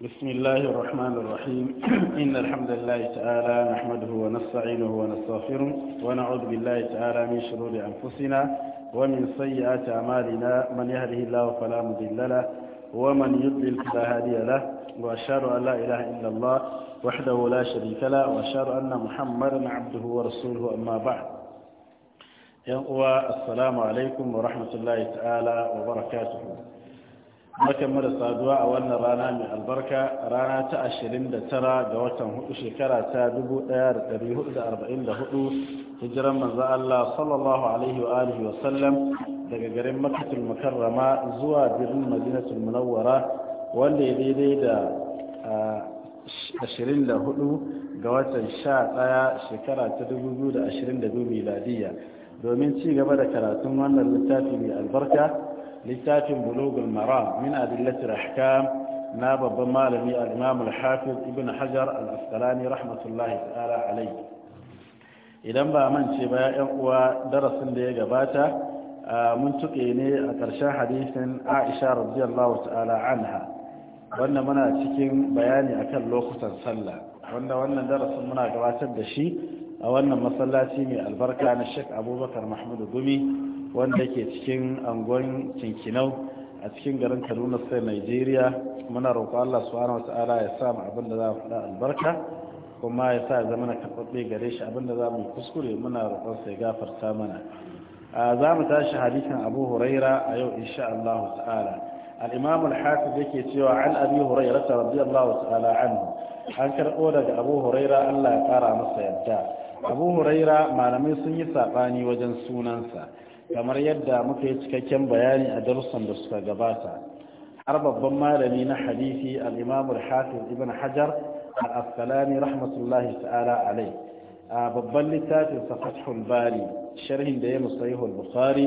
بسم الله الرحمن الرحيم إن الحمد لله تعالى نحمده ونستعينه ونستغفره ونعوذ بالله تعالى من شرور أنفسنا ومن سيئات أعمالنا من يهده الله فلا مضل له ومن يضلل فلا هادي له وأشهد أن لا إله إلا الله وحده لا شريك له وأشهد أن محمدا عبده ورسوله أما بعد يقوى السلام عليكم ورحمة الله تعالى وبركاته barkan mu da saduwa a wannan rana mai albarka rana ta 29 ga watan hudu shekara ta 1444 hijiran manzo Allah sallallahu alaihi wa alihi wa sallam daga garin Makkatul Mukarrama zuwa birnin Madinatul Munawwara wanda ya daidai da 24 ga watan 11 shekara ta 2022 miladiya domin ci gaba da karatun wannan littafi mai albarka littafin bulugul maram min adillatir ahkam na babban malami al-imam al-hafiz ibn hajar al-asqalani rahmatullahi ta'ala alayhi idan ba mance ba ya uwa darasin da ya gabata mun tuke ne a ƙarshen hadisin aisha radiyallahu ta'ala anha wannan muna cikin bayani akan lokutan sallah wanda wannan darasin muna gabatar da shi a wannan masallaci mai albarka na Sheikh Abubakar Mahmud Gumi wanda ke cikin angon cinkinau a cikin garin kaduna sai nigeria muna roƙo allah subhanahu wata'ala ya sa mu abin da za mu faɗa albarka kuma ya sa zama na karɓaɓɓe gare shi abin za mu kuskure muna roƙon sai gafarta mana za mu tashi hadisin abu huraira a yau insha allah ta'ala al-imam al-hafiz yake cewa an abi huraira radiyallahu ta'ala anhu an karɓo daga abu huraira allah ya kara masa yadda abu huraira malamai sun yi saɓani wajen sunansa kamar yadda muka yi cikakken bayani a darussan da suka gabata har babban malami na hadisi al-imam al-hafiz ibn hajar al-asqalani rahmatullahi ta'ala alai a babban littafin sa fathul bari sharhin da ya musayihul bukhari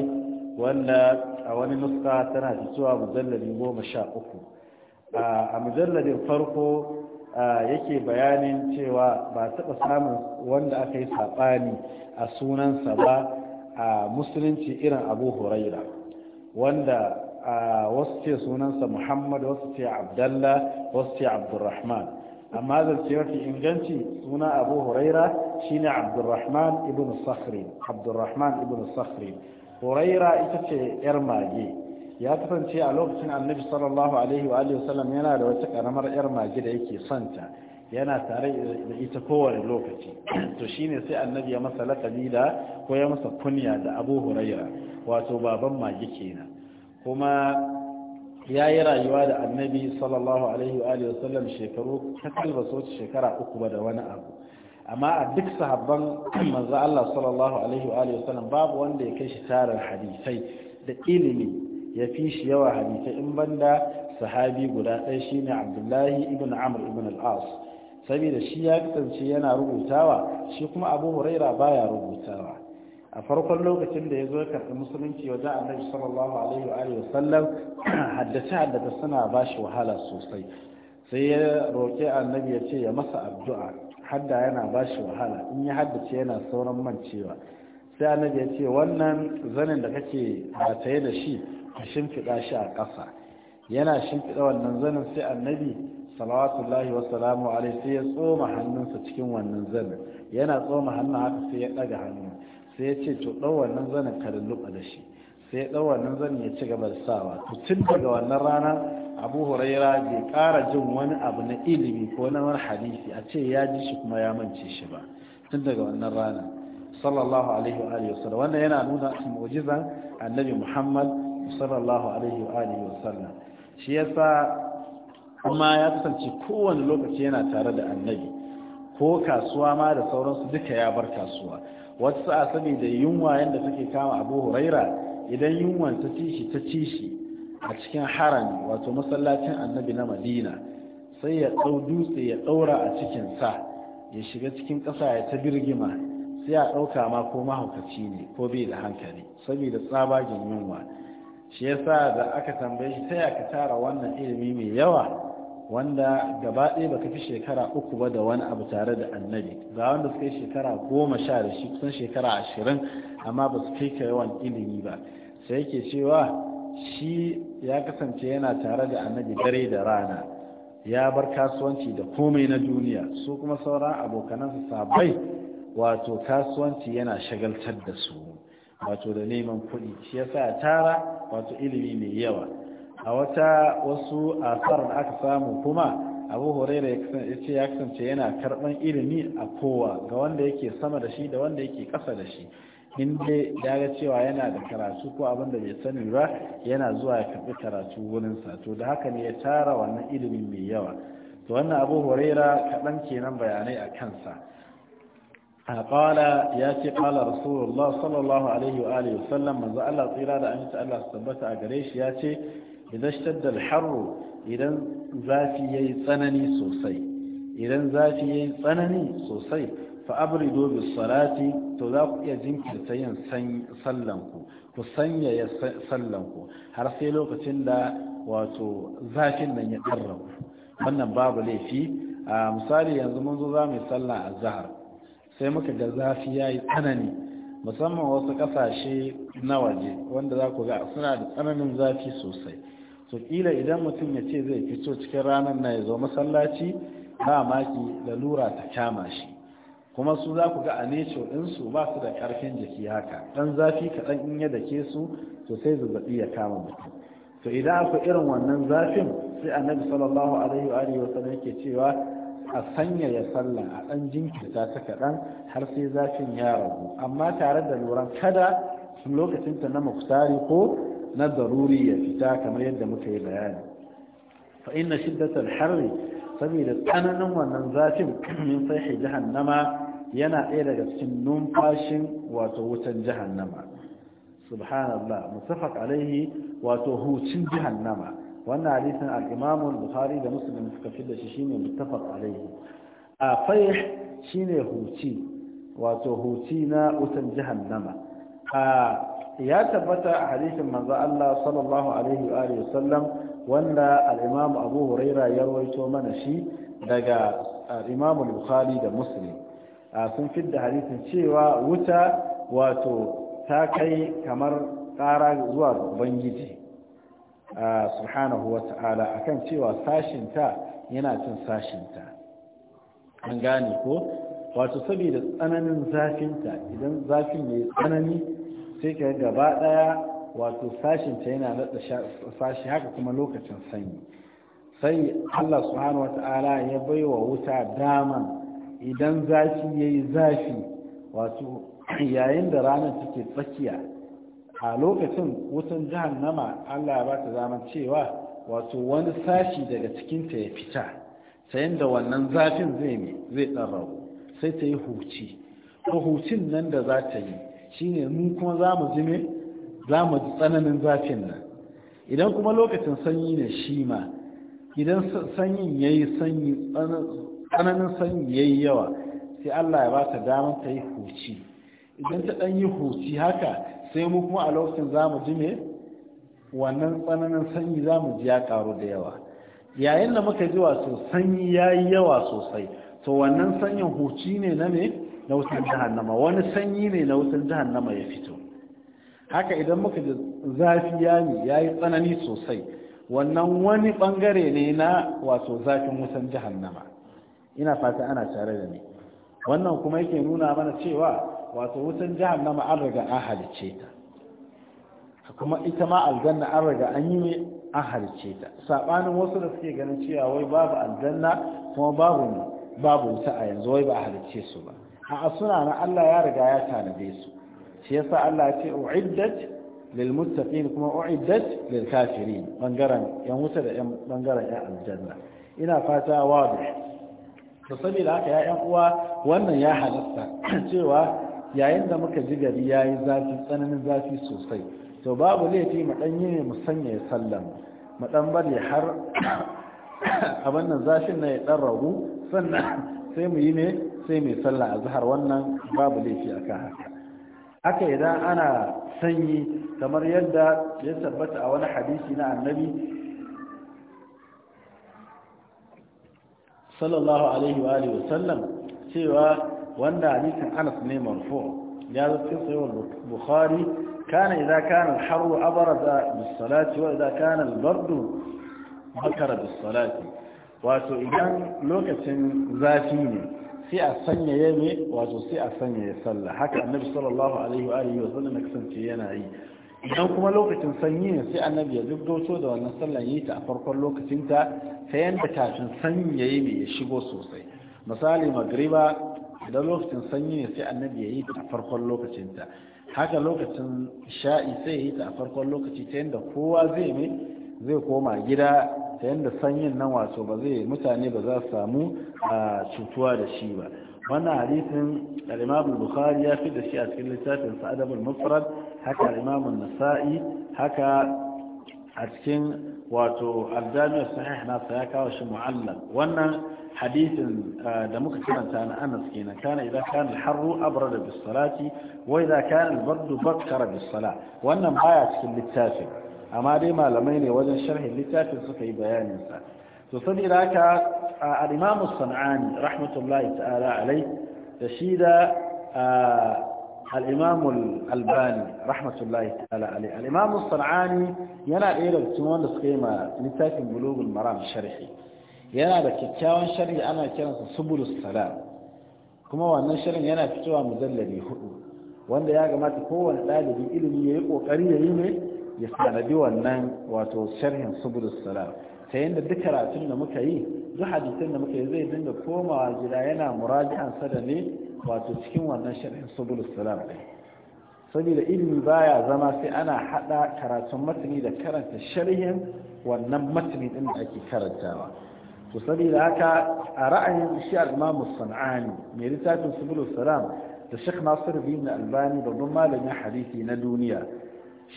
wanda a wani nuska tana fitowa mujalladin goma sha uku a mujalladin farko yake bayanin cewa ba taɓa samun wanda aka yi saɓani a sunansa ba a musulunci irin abu huraira wanda wasu ce sunansa muhammad wasu ce abdallah wasu ce abdurrahman amma zance mafi inganci suna abu huraira shine abdurrahman ibn sakhri abdurrahman ibn sakhri huraira ita ce yar mage ya kasance a lokacin annabi sallallahu alaihi wa yana da wata karamar yar mage da yake santa yana tare da ita kowane lokaci to shine sai annabi ya masa lakabi da ko ya masa kunya da abu huraira wato baban magi kenan kuma ya yi rayuwa da annabi sallallahu alaihi wa sallam shekaru kakal ba soci shekara uku ba da wani abu amma a duk sahabban manzo Allah sallallahu alaihi wa sallam babu wanda ya kai shi tarar hadisai da ilimi ya fi shi yawa hadisai in banda sahabi guda ɗaya shine Abdullahi ibn Amr ibn al-As saboda shi ya kasance yana rubutawa shi kuma abu huraira baya rubutawa a farkon lokacin da ya zo karɓi musulunci wajen annabi sallallahu alaihi wa sallam haddace haddace suna ba shi wahala sosai sai ya roƙi annabi ya ce ya masa addu'a hadda yana ba shi wahala in ya haddace yana sauran mancewa sai annabi ya ce wannan zanin da kake rataye da shi ka shimfiɗa shi a ƙasa yana shimfiɗa wannan zanin sai annabi salawatullahi wasalamu alaihi sai ya tsoma hannunsa cikin wannan zanin yana tsoma hannun haka sai ya ɗaga hannun sai ya ce to ɗau wannan zanin ka lulluɓa da shi sai ya ɗau wannan zanin ya ci gaba da sawa to tun daga wannan rana abu huraira bai ƙara jin wani abu na ilimi ko na wani hadisi a ce ya ji shi kuma ya mance shi ba tun daga wannan rana sallallahu alaihi wa alihi wasallam wannan yana nuna mu'jizan annabi muhammad sallallahu alaihi wa alihi wasallam shi yasa amma ya kasance kowane lokaci yana tare da annabi ko kasuwa ma da sauransu duka ya bar kasuwa wasu sa'a saboda yunwa yadda take kama abu huraira idan yunwan ta ci ta ci a cikin harami wato masallacin annabi na madina sai ya ɗau dutse ya ɗaura a cikin cikinsa ya shiga cikin ƙasa ya ta birgima sai ya ɗauka ma ko mahaukaci ne ko bai da hankali saboda tsabagen yunwa shi yasa da aka tambaye shi ta ya ka tara wannan ilimi mai yawa wanda gaba ɗaya baka fi shekara uku ba da wani abu tare da annabi ga wanda suka yi shekara goma sha da shi kusan shekara ashirin amma ba su kai ka yawan ilimi ba sai yake cewa shi ya kasance yana tare da annabi dare da rana ya bar kasuwanci da komai na duniya su kuma sauran abokanansa sabai wato kasuwanci yana shagaltar da su wato da neman kuɗi shi yasa tara wato ilimi mai yawa a wata wasu asarar da aka samu kuma abu huraira ya ce ya kasance yana karban ilimi a kowa ga wanda yake sama da shi da wanda yake kasa da shi Inda ya ga cewa yana da karatu ko abin da bai sani ba yana zuwa ya karbi karatu wurinsa to da haka ne ya tara wannan ilimin mai yawa to wannan abu horaira kaɗan kenan bayanai a kansa قال ياتي قال رسول الله صلى الله عليه واله وسلم من ذا الله tsira da aminta Allah su tabbata a gare shi ya ce. idan shadda harro idan zafi yayi tsanani sosai idan zafi yayi tsanani sosai fa abridu bis salati to za ku iya jinkirta yin sallan ku ku sanya ya ku har sai lokacin da wato zafin nan ya karrabu wannan babu laifi a misali yanzu mun zo za mu yi sallah a zahar sai muka ga zafi ya yi tsanani musamman wasu ƙasashe na waje wanda za ku ga suna da tsananin zafi sosai To kila idan mutum ya ce zai fito cikin ranar na ya zo masallaci ba maki lalura ta kama shi kuma su za ku ga a ɗinsu ba su da ƙarfin jiki haka ɗan zafi kaɗan in ya dake su to sai zazzaɓi ya kama mutum to idan akwai irin wannan zafin sai annabi sallallahu alaihi wa alihi wasallam yake cewa a sanyaya sallan a ɗan jinkirta ta kaɗan har sai zafin ya ragu amma tare da lura kada lokacin ta na muktari ko na daruri ya fita kamar yadda muka yi bayani fa inna shiddatal harri saboda tsananin wannan zafin min sahi jahannama yana ɗaya daga cikin numfashin wato wutan jahannama subhanallah mutafaq alaihi wato hucin jahannama wannan hadisin al-imam al-bukhari da muslim suka fi da shi shine mutafaq alaihi a fayh shine huci wato huci na wutan jahannama a ya tabbata a hadisin manzo Allah sallallahu alaihi wa alihi sallam wanda al-Imam Abu Huraira ya rawaito mana shi daga al-Imam Bukhari da Muslim sun fidda hadisin cewa wuta wato ta kai kamar tsara zuwa ubangiji subhanahu wa ta'ala akan cewa sashinta yana cin sashinta an gane ko wato saboda tsananin zafinta idan zafin ya tsanani sai ka gaba daya wato sashin ta yana nada sashi haka kuma lokacin sanyi sai Allah subhanahu wata'ala ya baiwa wuta dama idan zafi yayi zafi wato yayin da ranar take tsakiya a lokacin wutan jahannama Allah ya ba ta zaman cewa wato wani sashi daga cikinta ya fita ta da wannan zafin zai ne zai ɗan sai ta yi huci ko hucin nan da za ta yi shine mu kuma za mu ji za mu ji tsananin zafin nan idan kuma lokacin sanyi ne shi ma idan sanyin ya yi sanyi tsananin sanyi ya yi yawa sai Allah ya ba ta damar ta yi huci idan ta ɗan yi huci haka sai mu kuma a lokacin za mu ji ne wannan tsananin sanyi za mu ji ya ƙaru da yawa yayin da muka ji wato sanyi ya yi yawa sosai to wannan sanyin huci ne na ne na wutan jahannama wani sanyi ne na wutan nama ya fito haka idan muka ji zafi ya ne ya yi tsanani sosai wannan wani bangare ne na wato zafin wutan jahannama ina fata ana tare da ni wannan kuma yake nuna mana cewa wato wutan nama an riga an halicce ta kuma ita ma aljanna an riga an yi an halicce ta sabanin wasu da suke ganin cewa wai babu aljanna kuma babu babu wuta a yanzu wai ba a halicce su ba A'a suna na Allah ya riga ya tanade su shi yasa Allah ya ce uiddat lil muttaqin kuma uiddat lil kafirin bangaren yan wuta da yan bangaren yan aljanna ina fata wadi to saboda haka ya yan uwa wannan ya halarta cewa yayin da muka ji gari yayi zafi tsananin zafi sosai to babu laifi mu dan yi ne mu sanya ya sallama mu dan bari har a wannan zafin na ya dan ragu sannan sai mu yi ne sai mai sallah a zahar wannan babu laifi a kan haka haka idan ana sanyi kamar yadda ya tabbata a wani hadisi na annabi sallallahu alaihi wa alihi wasallam cewa wanda hadisin Anas ne marfu ya zo cikin sahih Bukhari kana idza kana al-harru abrada bis-salati wa idza kana al-bardu makara bis-salati wato idan lokacin zafi ne sai a sanyaya ne wato sai a sanyaye sallah haka annabi sallallahu alaihi wa alihi wa sallam kasance yana yi idan kuma lokacin sanyi ne sai annabi ya zubdoto da wannan sallan yi ta a farkon lokacin ta ta yanda kafin sanyaye ne ya shigo sosai misali magriba idan lokacin sanyi ne sai annabi ya yi ta a farkon lokacin ta haka lokacin sha'i sai ya yi ta a farkon lokaci ta yanda kowa zai ne zai koma gida ta yadda sanyin nan wato ba zai mutane ba za su samu a cutuwa da shi ba wannan hadisin al bukhari ya fi da shi a cikin littafin sa adabul mufrad haka al nasai haka a cikin wato al sahih na sa ya kawo shi mu'allaq wannan hadisin da muka karanta na Anas kenan kana idan kana harru abra da bisalati wa idan kana albardu bardu bakkara wannan baya cikin littafin amma dai malamai ne wajen sharhin littafin suka yi bayaninsa to saboda haka al-imam as-sanani rahmatullahi ta'ala alai da shi da al albani rahmatullahi ta'ala alai al-imam yana ɗaya daga cikin wanda suka yi ma littafin bulugul maram sharhi yana da kyakkyawan sharhi ana kiransa subulus salam kuma wannan sharhin yana fitowa mujallali hudu wanda ya gamata kowane ɗalibi ilimi ya yi ƙoƙari ya yi ne ya sanadi wannan wato sharhin subulus salam ta yadda duk karatun da muka yi duk hadisin da muka yi zai dinga komawa gida yana muraji'an sa da ne wato cikin wannan sharhin subulus salam ɗin saboda ilimi baya zama sai ana hada karatun matani da karanta sharhin wannan matani din da ake karantawa to saboda haka a ra'ayin shi al-imamu mai littafin subulus salam da Sheikh Nasir bin Albani babban malamin hadisi na duniya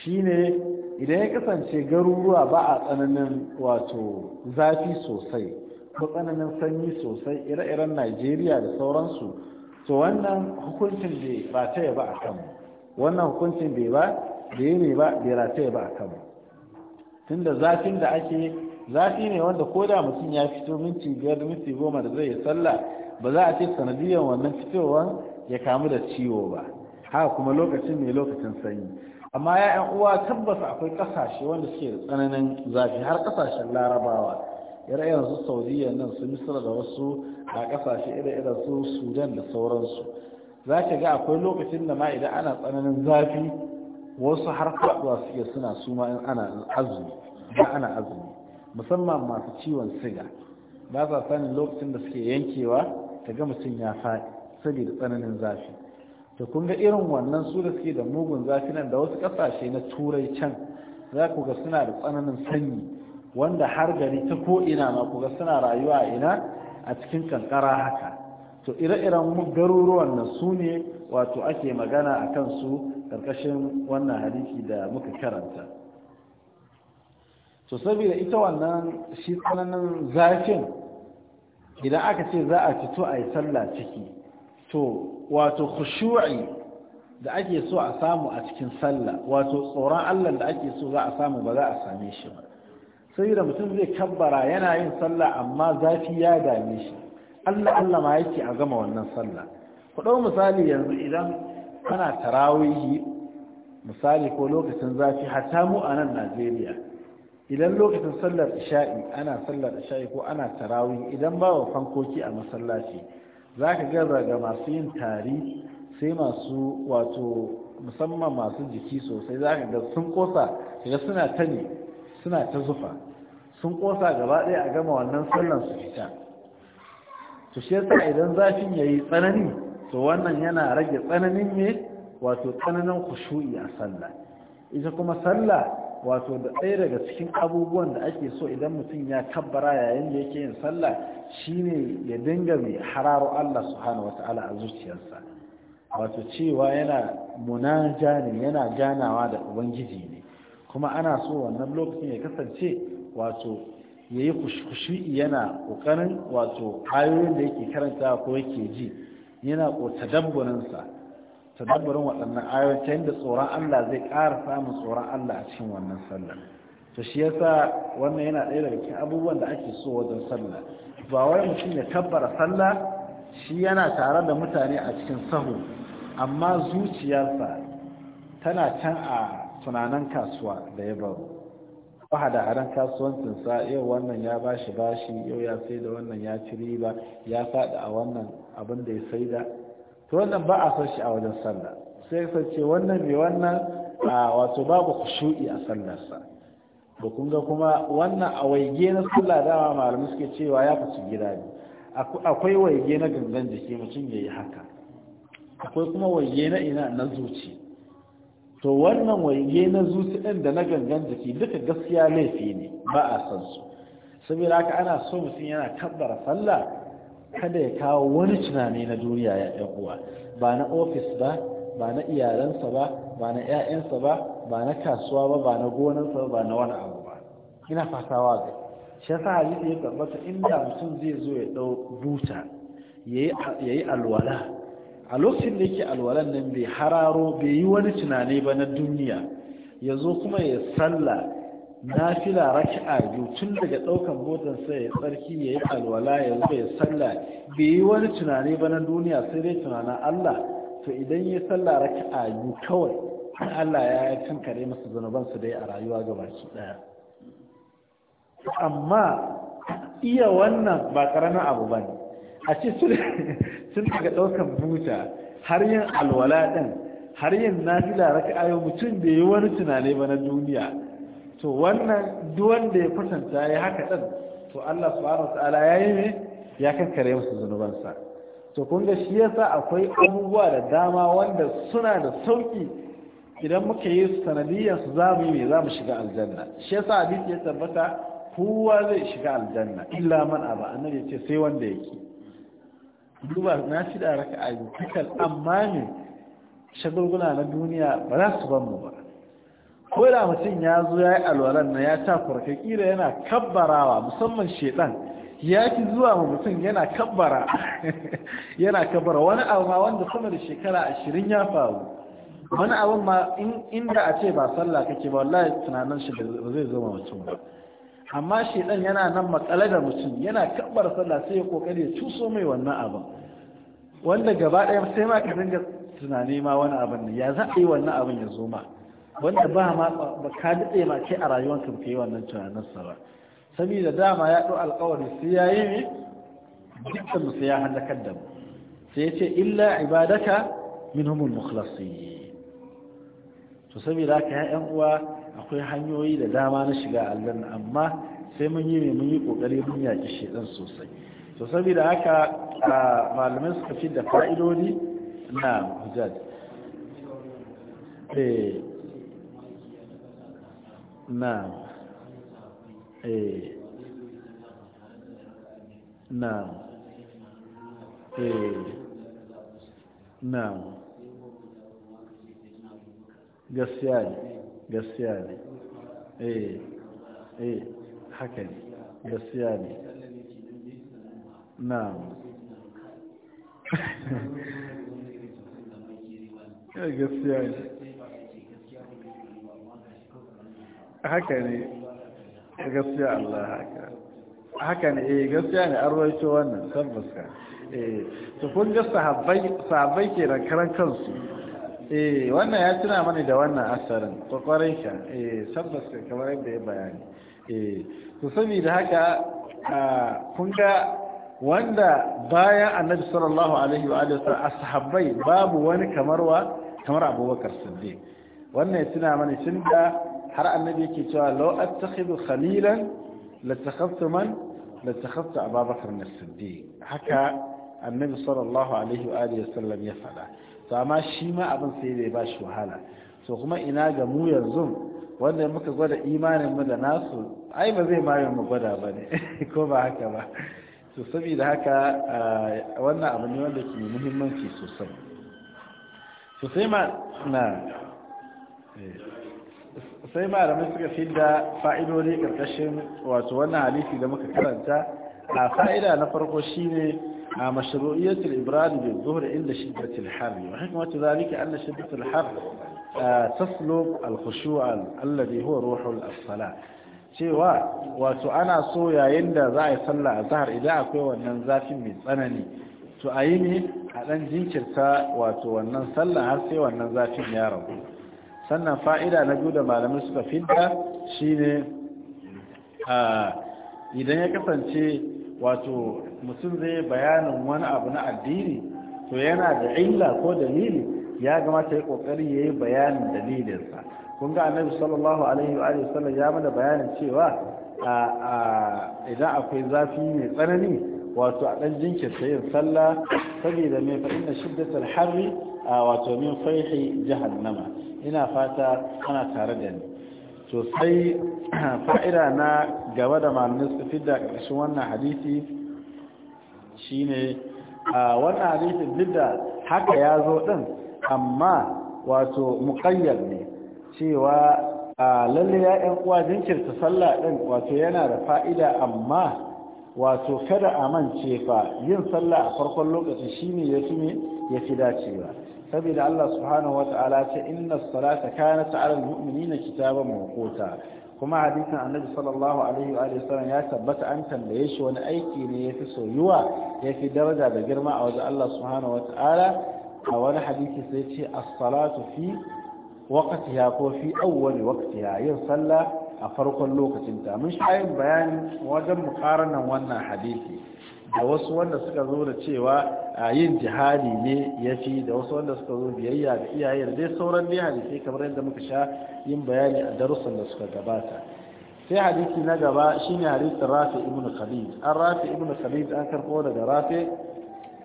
shine idan ya kasance garuruwa ba a tsananin wato zafi sosai ko tsananin sanyi sosai ire-iren najeriya da sauransu to wannan hukuncin bai rataya ba a kanmu wannan hukuncin bai ba da yi ba bai rataya ba a kanmu tunda zafin da ake zafi ne wanda ko da mutum ya fito minti biyar da minti goma da zai yi sallah ba za a ce sanadiyar wannan fitowar ya kamu da ciwo ba haka kuma lokacin ne lokacin sanyi amma ya'yan uwa tabbas akwai kasashe wanda suke da tsananin zafi har kasashen larabawa ire yanzu su saudiya nan su misra da wasu a kasashe ire irin su sudan da sauransu za ka ga akwai lokacin da ma idan ana tsananin zafi wasu har faɗuwa suke suna suma in ana azumi musamman masu ciwon siga ba sa sanin lokacin da suke yankewa ta ga mutum ya faɗi saboda tsananin zafi to kun ga irin wannan su da suke da mugun zafi nan da wasu kasashe na turai can za ku ga suna da tsananin sanyi wanda har gari ta ko ina ma ku ga suna rayuwa a ina a cikin kankara haka to ire-iren garuruwan nan su ne wato ake magana a kansu karkashin wannan hadisi da muka karanta to saboda ita wannan shi tsananin zafin idan aka ce za a fito a yi sallah ciki to wato khushu'i da ake so a samu a cikin sallah wato tsoron Allah da ake so za a samu ba za a same shi ba sai da mutum zai kabbara yana yin sallah amma zafi ya dame shi Allah Allah ma yake a gama wannan sallah ku dau misali yanzu idan kana tarawihi misali ko lokacin zafi hatta mu a nan Najeriya idan lokacin sallar isha'i ana sallar isha'i ko ana tarawih idan ba wa fankoki a masallaci za ka gaza ga masu yin tari sai masu wato musamman masu jiki sosai za ka ga sun kosa ga suna ta ne suna ta zufa sun kosa gaba ɗaya a gama wannan sallan su fita to shi yasa idan zafin ya yi tsanani to wannan yana rage tsananin ne wato tsananin kushu'i a sallah ita kuma sallah wato da ɗaya daga cikin abubuwan da ake so idan mutum ya kabbara yayin da yake yin sallah shine ya dinga mai hararo Allah subhanahu wata'ala a zuciyarsa wato cewa yana munaja ne yana ganawa da ubangiji ne kuma ana so wannan lokacin ya kasance wato ya yi kushu'i yana ƙoƙarin wato ayoyin da yake karanta ko yake ji yana ko tadabburinsa tadabbarin waɗannan ayoyi da tsoron Allah zai ƙara samun tsoron Allah a cikin wannan sallar to shi yasa wannan yana ɗaya daga cikin abubuwan da ake so wajen sallah ba wai mutum ya tabbara sallah shi yana tare da mutane a cikin sahu amma zuciyarsa tana can a tunanin kasuwa da ya baro ko hada-hadan kasuwancinsa yau wannan ya bashi bashi yau ya sai da wannan ya ci riba ya faɗi a wannan abin da ya sai da to wannan ba a san shi a wajen sallah sai ya sace wannan mai wannan a wato babu khushu'i a sallarsa Ba kun ga kuma wannan a waige na sallah dama malamai suke cewa ya fice gida ne akwai waige na gangan jiki mutum ya yi haka akwai kuma waige na ina na zuci to wannan waige na zuci ɗin da na gangan jiki duka gaskiya laifi ne ba a san su saboda haka ana so mutum yana kabbara sallah kada ya kawo wani tunani na duniya ya ɗan ba na ofis ba ba na iyalansa ba ba na 'ya'yansa ba ba na kasuwa ba ba na gonansa ba na wani abu ba ina fatawa ga shi yasa hadisi ya tabbata inda mutum zai zo ya ɗau buta ya yi alwala a lokacin da yake alwalan nan bai hararo bai yi wani tunani ba na duniya ya zo kuma ya salla. Na raki a biyu tun daga ɗaukan motar sai ya tsarki ya yi alwala ya rufe ya salla bai yi wani tunani ba na duniya sai dai tunanin Allah to idan ya salla a biyu kawai Allah ya yi tun kare masa zunubansu dai a rayuwa ga baki ɗaya amma iya wannan ba ƙaramin abu ba ne a ce sun daga ɗaukan buta har yin alwala ɗin har yin nafila raka'a mutum bai yi wani tunani ba na duniya to wannan duk wanda ya kusanta ya haka ɗan to Allah subhanahu wataala ya yi ne ya kankare musu zunubansa to kun ga shi yasa akwai abubuwa da dama wanda suna da sauki idan muka yi su sanadiyyar su za mu yi za mu shiga aljanna shi yasa hadisi ya tabbata kowa zai shiga aljanna illa man aba annabi ya ce sai wanda yake duba na shi da raka'a kakal amma ne shagulguna na duniya ba za su ban mu ba ko da mutum ya zo ya yi alwalan na ya ta farka kila yana kabbarawa musamman shedan ya fi zuwa ma mutum yana kabbara yana kabbara wani abu ma wanda sama da shekara ashirin ya faru wani abu ma inda a ce ba sallah kake ba wallahi tunanin shi ba zai zo ma mutum ba amma shedan yana nan matsala da mutum yana kabbara sallah sai ya kokari ya cuso mai wannan abu wanda gaba ɗaya sai ma ka dinga tunani ma wani abin ya za a yi wannan abin ya zo ma wanda ba ma ba ka daɗe ma ke a rayuwar ka yi wannan tunaninsa ba saboda dama ya ɗau alkawari sai ya yi ne dukkan sai ya halakar da mu sai ya ce illa ibadaka minhumul mukhlasin to saboda haka ya ƴan uwa akwai hanyoyi da dama na shiga allan amma sai mun yi mun yi kokari mun yaki shedan sosai to saboda haka malamai suka fi da fa'idodi na hujjaj eh na'am eh na'am eh na'am gaskiya ne gaskiya haka ne gaskiya Allah haka haka ne eh gaskiya ne an rawaito wannan tabbas ka eh to kun ga sahabbai sahabbai ke da karan kansu eh wannan ya tuna mani da wannan asarin to kwarai ka eh tabbas ka kamar yadda ya bayani eh to saboda haka kun ga wanda bayan annabi sallallahu alaihi wa alihi wasallam ashabbai babu wani kamar wa kamar abubakar siddiq wannan ya tuna mani tun har annabi yake cewa law attakhidhu khalilan latakhaftu man latakhaftu abubakar as-siddiq haka annabi sallallahu alaihi wa alihi wasallam ya fada to amma shi ma abin sai bai ba shi wahala to kuma ina ga mu yanzu wanda muka gwada imanin mu da nasu ai ba zai ma mu gwada ba ne ko ba haka ba to saboda haka eh, wannan abu ne wanda ke muhimmanci sosai to sai ma na eh. sai malamai suka fidda fa'idodi ƙarƙashin wato wannan hadisi da muka karanta a fa'ida na farko shine a mashru'iyyatul ibrad bi dhuhr inda shiddatil har wa hikmatu zalika anna shiddatil har taslub al khushu' alladhi huwa ruhul asala cewa wato ana so yayin da za a yi sallah a zahar idan akwai wannan zafin mai tsanani to a yi ne a ɗan jinkirta wato wannan sallah har sai wannan zafin ya rabu. sannan fa'ida na biyu da malamai suka fidda ne idan ya kasance wato mutum zai bayanin wani abu na addini to yana da illa ko dalili ya gamata ya ƙoƙari ya yi bayanin dalilinsa kun ga annabi sallallahu alaihi wa sallam ya mana bayanin cewa idan akwai zafi mai tsanani wato a ɗan jinkirta yin sallah saboda mai fa'in da shiddatar harri wato min faihi jahannama ina fata ana tare da ni to sai fa'ida na gaba da malamin su fidda ƙarshen wannan hadisi shine a wannan hadisi duk da haka ya zo ɗin amma wato muƙayyar ne cewa a lalle ya ƴan uwa jinkirta sallah ɗin wato yana da fa'ida amma wato kada a mance fa yin sallah a farkon lokaci shine ya fi ya fi dacewa saboda Allah subhanahu wa ta'ala ce inna salata kanat ala almu'minina kitaban mawquta kuma hadisin annabi sallallahu alaihi wa sallam ya tabbata an tambaye shi wani aiki ne yafi soyuwa ya fi daraja da girma a wajen Allah subhanahu wa ta'ala a wani hadisi sai ce as-salatu fi waqtiha ko fi awwal waqtiha yin sallah a farkon lokacinta mun sha yin bayani wajen muqaranan wannan hadisi da wasu wanda suka zo da cewa a yin jihadi ne ya fi da wasu wanda suka zo biyayya da iyayen da dai sauran dai hadisai kamar yadda muka sha yin bayani a darussan da suka gabata sai hadisi na gaba shine hadisin rafi Ibnu khalid an rafi Ibnu khalid an karɓo daga rafi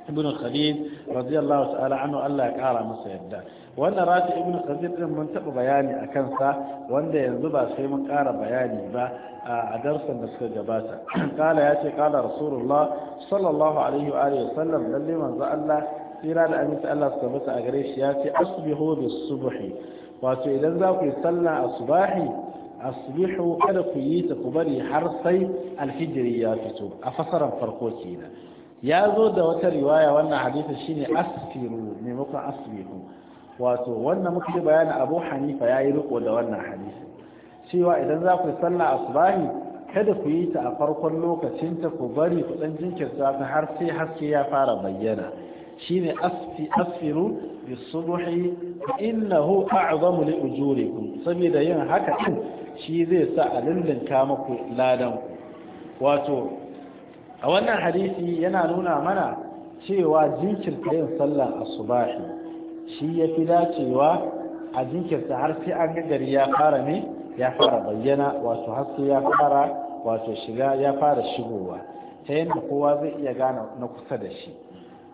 ibn khalid radiyallahu ta'ala anhu Allah ya kara masa yadda wannan rafi ibn khalid din mun taba bayani a kansa wanda yanzu ba sai mun kara bayani ba a darsan da suka gabata kala ya ce kala rasulullah sallallahu alaihi wa alihi wasallam lalle manzo Allah tsira da aminta Allah su tabbata a gare shi ya ce asbihu bis subhi wato idan za ku yi sallah asbahi asbihu kada ku yi ta ku bari har sai alfijiri ya fito a fasaran farko kenan ya zo da wata riwaya wannan hadisi shine asfiru maimakon asbihu wato wannan muka yi bayani Abu Hanifa yi riko da wannan hadisi cewa idan za ku sallah asbahi kada ku yi ta a farkon lokacin ta ku bari ku dan jinkirta ta har sai haske ya fara bayyana shine asfi asfiru bisubhi innahu a'zamu li ujurikum saboda yin haka din shi zai sa a lullunta muku ladan wato a wannan hadisi yana nuna mana cewa jinkirta yin sallar asubahi shi ya fi dacewa a jinkirta har sai an ga gari ya fara ne ya fara bayyana wato haske ya fara wato shiga ya fara shigowa ta yadda kowa zai iya gane na kusa da shi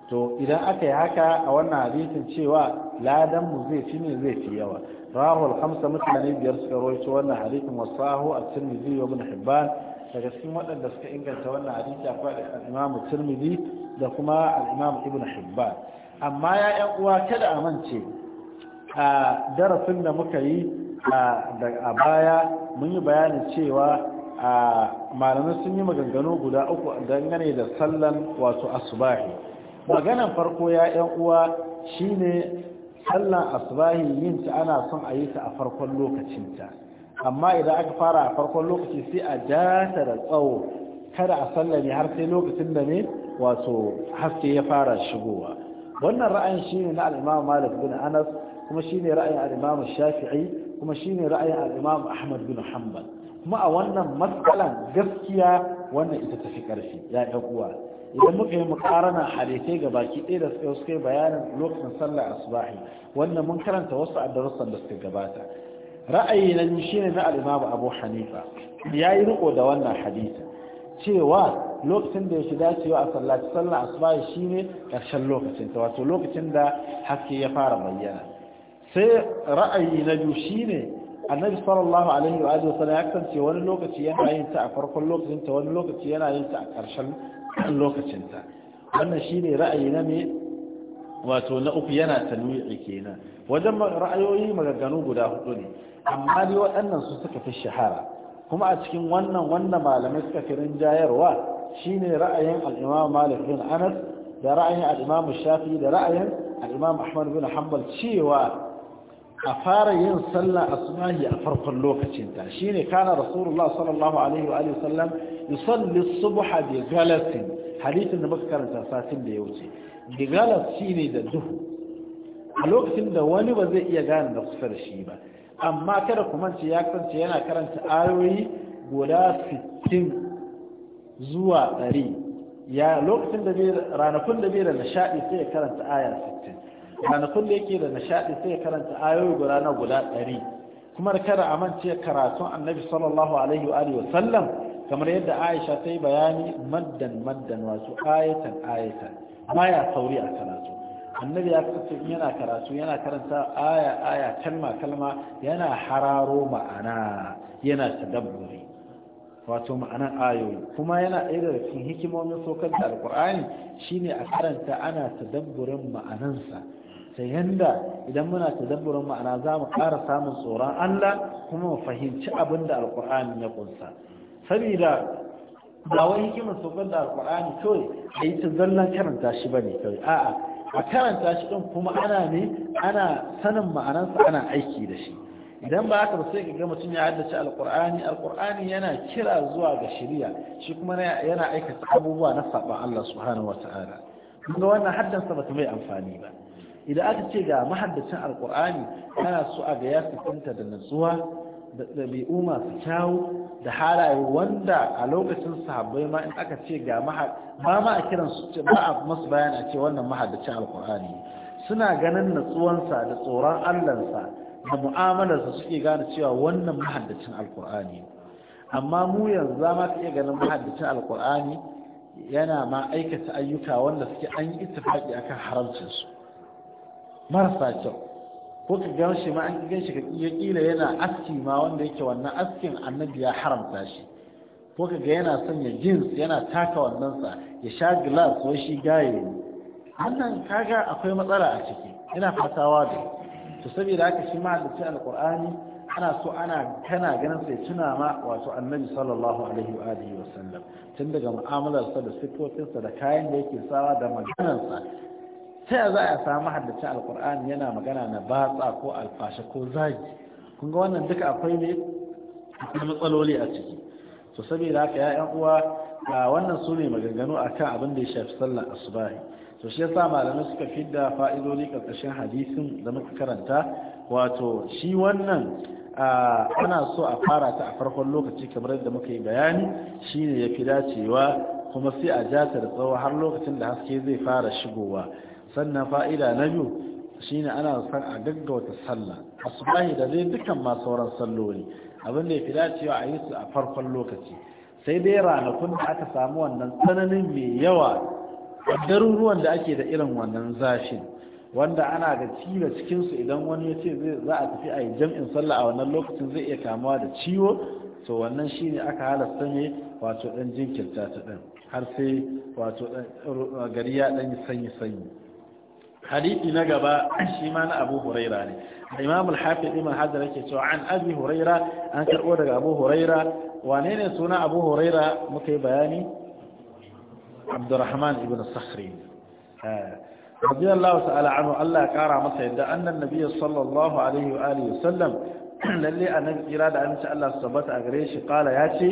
to idan aka yi haka a wannan hadisin cewa ladan mu zai fi ne zai fi yawa rahul hamsa mutane biyar suka rawaito wannan hadisin wasahu at-tirmidhi wa ibn hibban daga cikin waɗanda suka inganta wannan hadisi akwai al-Imam Tirmidhi da kuma al-Imam Ibn Hibban amma ya ƴan uwa kada a mance a darasin da muka yi a baya mun yi bayanin cewa malamai sun yi maganganu guda uku dangane da sallan wato asubahi maganan farko ya ƴan uwa shine sallan asubahi yin ta ana son a yi ta a farkon lokacinta amma idan aka fara a farkon lokaci sai a jata da tsawo kada a sallame har sai lokacin da ne wato haske ya fara shigowa wannan ra'ayin shine na al-Imam Malik bin Anas kuma shine ra'ayin al-Imam Shafi'i kuma shine ra'ayin al-Imam Ahmad bin Hanbal kuma a wannan matsalan gaskiya wannan ita tafi karfi ya ɗan uwa idan muka yi mukarana hadisai ga baki ɗaya da suka yi bayanin lokacin sallar asubahi wannan mun karanta wasu a darussan da suka gabata ra'ayi na biyu shine na al-Imam Abu Hanifa yi riko da wannan hadisi cewa lokacin da ya shi dacewa a sallaci sallar asuba shine karshen lokacin ta wato lokacin da haske ya fara bayyana sai ra'ayi na biyu shine annabi sallallahu alaihi wa alihi wasallam ya kasance wani lokaci yana yin ta a farkon lokacin ta wani lokaci yana yin ta a karshen lokacin ta wannan shine ra'ayi na me wato na uku yana tanwi'i kenan wajen ra'ayoyi maganganu guda hudu ne amma dai waɗannan su suka fi shahara kuma a cikin wannan wanda malamai suka fi rinjayarwa shine ra'ayin al-Imam Malik bin Anas da ra'ayin al-Imam da ra'ayin al-Imam Ahmad bin Hanbal cewa a fara yin sallah asmahi a farkon lokacin ta shine kana Rasulullah sallallahu alaihi wa alihi sallam yusalli subha bi galatin hadithin da muka karanta satin da ya wuce bi galat shine da duhu a lokacin da wani ba zai iya gane da kusa da shi ba amma kada ku mance ya kasance yana karanta ayoyi guda 60 zuwa 100 ya lokacin da bai ranakun da bai da nishadi sai ya karanta aya 60 ranakun da yake da nishadi sai ya karanta ayoyi guda na guda 100 kuma kada a mance karatun annabi sallallahu alaihi wa alihi wasallam kamar yadda Aisha ta yi bayani maddan maddan wato ayatan ayatan baya sauri a karatu annabi ya kace in yana karatu yana karanta aya aya kalma kalma yana hararo ma'ana yana tadabburi wato ma'anan ayoyi kuma yana ɗaya daga cikin hikimomin sokar da alƙur'ani shine a karanta ana tadabburin ma'anansa ta yanda idan muna tadabburin ma'ana za mu ƙara samun tsoron Allah kuma mu fahimci abinda da alƙur'ani ya kunsa saboda ba wani hikimar sokar da alƙur'ani kawai a yi ta zallan karanta shi bane kawai a'a a karanta shi ɗin kuma ana ne ana sanin ma'anansa ana aiki da shi idan ba haka ba sai ga mutum ya haddace alkur'ani alkur'ani yana kira zuwa ga shari'a shi kuma yana aikata abubuwa na saɓa Allah subhanahu wata'ala kuma wannan haddansa ba ta mai amfani ba idan aka ce ga mahaddacin alkur'ani ana so a ga ya da natsuwa da ɗabi'u masu kyawu da halaye wanda a lokacin sahabbai ma in aka ce ga maha, ba ma a kiran su ce ba a masu bayana ce wannan mahaddacin alkur'ani suna ganin natsuwansa da tsoron allansa da mu'amalarsa suke gane cewa wannan mahaddacin alkur'ani amma mu yanzu za ma ka iya ganin mahaddacin alkur'ani yana ma aikata ayyuka wanda suke an yi ittifaki akan haramcin su marasa kyau ko ka gan shi ma an gan shi ka iya kila yana aski ma wanda yake wannan askin annabi ya haramta shi ko ka ga yana sanya jeans yana taka wannan sa ya sha glass ko shi gaye annan wannan kaga akwai matsala a ciki ina fatawa da to saboda haka shi ma da ci alqur'ani ana so ana kana ganin sai tuna ma wato annabi sallallahu alaihi wa alihi wa tun daga mu'amalarsa da sa da kayan da yake sawa da maganarsa ta ya za a samu haddace alkur'ani yana magana na batsa ko alfashe ko zagi kun ga wannan duka akwai ne akwai matsaloli a ciki to saboda haka ya uwa ga wannan su ne maganganu akan abin da ya shafi sallar asubahi to shi yasa malamai suka fi da fa'idodi karkashin hadisin da muka karanta wato shi wannan ana so a fara ta a farkon lokaci kamar yadda muka yi bayani Shi ne ya fi dacewa kuma sai a jata da tsawo har lokacin da haske zai fara shigowa sannan fa'ida na biyu shine ana san a gaggauta sallah asubahi da zai dukan ma sauran salloli abin da ya fi dacewa a yi su a farkon lokaci sai dai ranakun da aka samu wannan tsananin mai yawa a garuruwan da ake da irin wannan zashin wanda ana da ciwo cikinsu idan wani ya ce za a tafi a yi jam'in sallah a wannan lokacin zai iya kamuwa da ciwo to wannan shi ne aka halasta ne wato ɗan jinkirta ta ɗan, har sai wato gari ya ɗan yi sanyi-sanyi hadisi na gaba shi ma na abu huraira ne imam al-hafiz ibn hajar yake cewa an abi huraira an karbo daga abu huraira wane ne suna abu huraira muka yi bayani abdurrahman ibn sakhri رضي الله تعالى عنه الله كارا مسعد أن النبي صلى الله عليه da وسلم للي أن إرادة أن شاء الله الصبت أغريش قال ياتي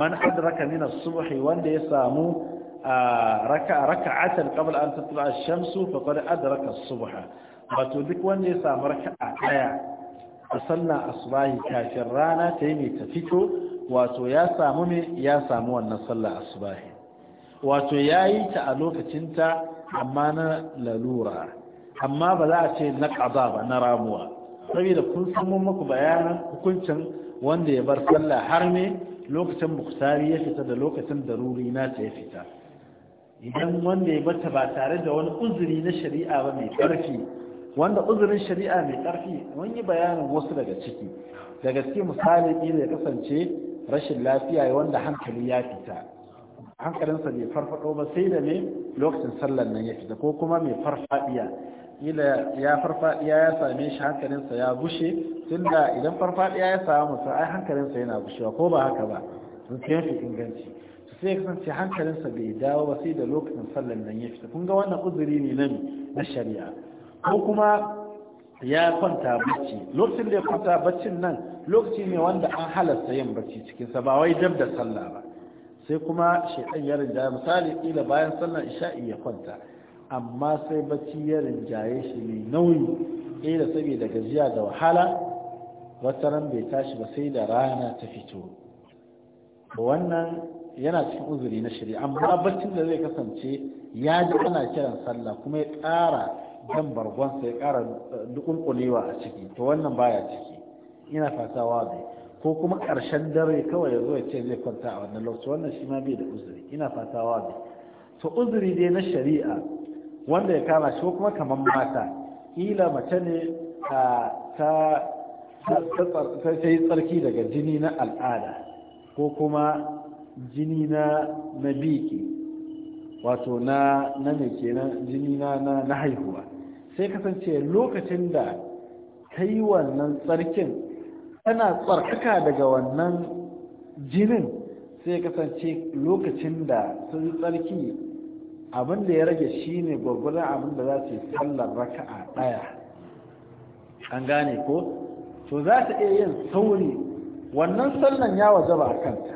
من أدرك من الصبح وان دي samu. raka raka'atan qabla an tatla ash-shamsu faqad adraka as-subha wato duk wanda ya samu raka'a daya a sallar asubahi kafin rana ta yi mai ta fito wato ya samu me ya samu wannan sallar asubahi wato ya yi ta a lokacinta amma na lalura amma ba za a ce na ƙaza ba na ramuwa saboda kun samu muku bayanan hukuncin wanda ya bar sallah har ne lokacin muktari ya fita da lokacin daruri na ta ya fita idan wanda ya bata ba tare da wani uzuri na shari'a ba mai ƙarfi wanda uzurin shari'a mai ƙarfi mun yi bayanin wasu daga ciki daga gaske misali ne ya kasance rashin lafiya wanda hankali ya fita hankalinsa bai farfado ba sai da ne lokacin sallar nan ya fita ko kuma mai farfadiya ila ya farfadiya ya same shi hankalinsa ya bushe tunda idan farfadiya ya samu sai hankalinsa yana bushewa ko ba haka ba sun fi inganci sai kasance hankalinsa bai dawo ba sai da lokacin sallan nan ya fita kun ga wannan uzuri ne nan na shari'a ko kuma ya kwanta bacci lokacin da ya kwanta baccin nan lokaci ne wanda an halasta yin bacci cikinsa ba wai dab da sallah ba sai kuma shaitan ya rinjaye misali kila bayan sallar isha'i ya kwanta amma sai bacci ya rinjaye shi mai nauyi kila saboda gajiya da wahala wata bai tashi ba sai da rana ta fito wannan yana cikin uzuri na shari'a amma baccin da zai kasance ya ji ana kiran sallah kuma ya kara jan bargonsa ya ƙara eh, dukunkulewa a ciki to wannan baya ciki ina fata wa wazi ko kuma ƙarshen dare kawai ya zo ya ce zai kwanta a wannan lokaci wannan shi ma bai da uzuri ina fata wa wazi to uzuri dai na shari'a wanda ya kama shi ko kuma kamar mata ila mace ne ah, ta ta yi tsarki daga jini na al'ada ko kuma jini na na wato na na mai kenan jini na na haihuwa sai kasance lokacin da ka yi wannan tsarkin tana tsarkaka daga wannan jinin sai kasance lokacin da sun tsarki abin da ya rage shine gwagwarin abin da za su yi sallar raka'a ɗaya an gane ko to za ta iya yin sauri wannan sallan ya wajaba a kanta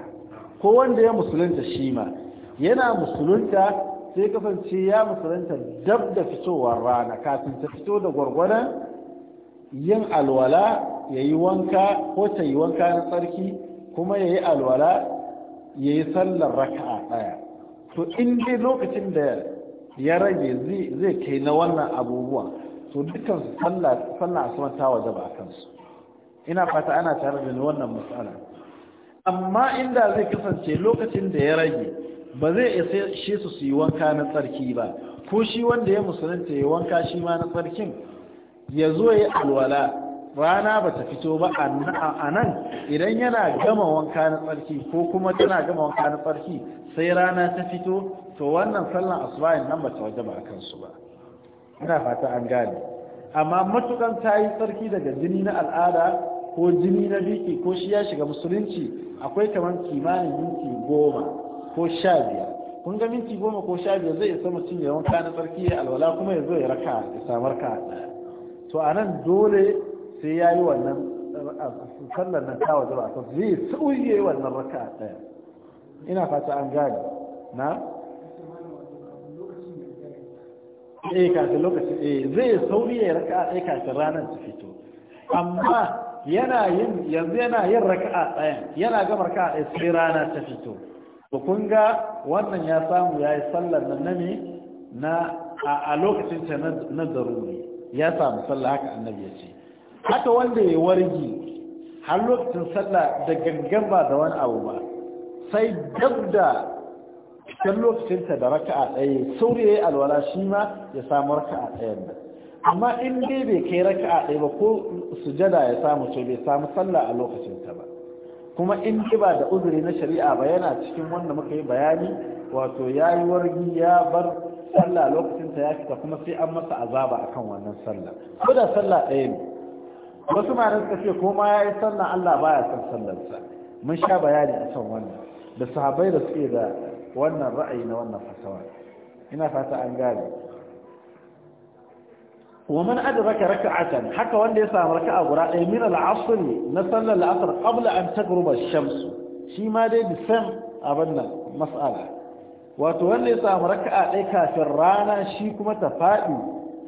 ko wanda ya musulunta shi ma yana musulunta sai kasance ya musulunta dab da fitowar rana kafin ta fito da gwargwadon yin alwala ya yi wanka ko ta yi wanka na tsarki kuma ya yi alwala ya yi sallar rak'a a ɗaya to in dai lokacin da ya rage zai kai na wannan abubuwan to dukkan sallah asuman ta waje ba a kansu ina fata ana tare da wannan matsala amma inda zai kasance lokacin da ya rage ba zai isa shi su su yi wanka na tsarki ba ko shi wanda ya musulunta ya wanka shi ma na tsarkin ya zo ya alwala rana ba ta fito ba a nan idan yana gama wanka na tsarki ko kuma tana gama wanka na tsarki sai rana ta fito to wannan sallan asubahin nan ba ta waje ba a kansu ba ina fata an gane amma matukan ta yi tsarki daga jini na al'ada ko jini na biki ko shi ya shiga musulunci akwai kamar kimanin minti goma ko sha biyar kun ga minti goma ko sha biyar zai isa mutum ya wanka na tsarki ya alwala kuma ya zo ya raka ya samar ka to a nan dole sai ya yi wannan sallar nan ta a ba zai yi wannan raka ɗaya ina fata an gane na eh kafin lokaci eh zai yi raka ɗaya kafin ranar ta fito amma yana yin yanzu yana yin raka'a ɗayan yana gama raka'a ɗaya sai rana ta fito to kun ga wannan ya samu yayi yi sallar nan ne na a lokacin ta na zaruri ya samu sallah haka annabi ya ce haka wanda ya wargi har lokacin sallah da gangan ba da wani abu ba sai dab da cikin lokacinta da raka'a ɗaya sauri ya yi alwala shi ma ya samu raka'a ɗayan nan amma in dai bai kai raka'a ɗaya ba ko sujada ya samu ce bai samu sallah a lokacin ta ba kuma in dai ba da uzuri na shari'a ba yana cikin wanda muka yi bayani wato yayi wargi ya bar sallah lokacin ta ya fita kuma sai an masa azaba akan wannan sallah ko da sallah ɗaya ne wasu ma'anar suka ce ko ma yayi sallah Allah baya son sallarsa mun sha bayani a kan wannan da sahabbai da suke da wannan ra'ayi na wannan fasawa ina fata an gane wa man raka raka'atan haka wanda ya samu raka'a guda ɗaya min al-asr na sallar al-asr qabla an tagruba ash shi ma dai bi sam abin nan mas'ala wato wanda ya samu raka'a ɗaya kafin rana shi kuma ta faɗi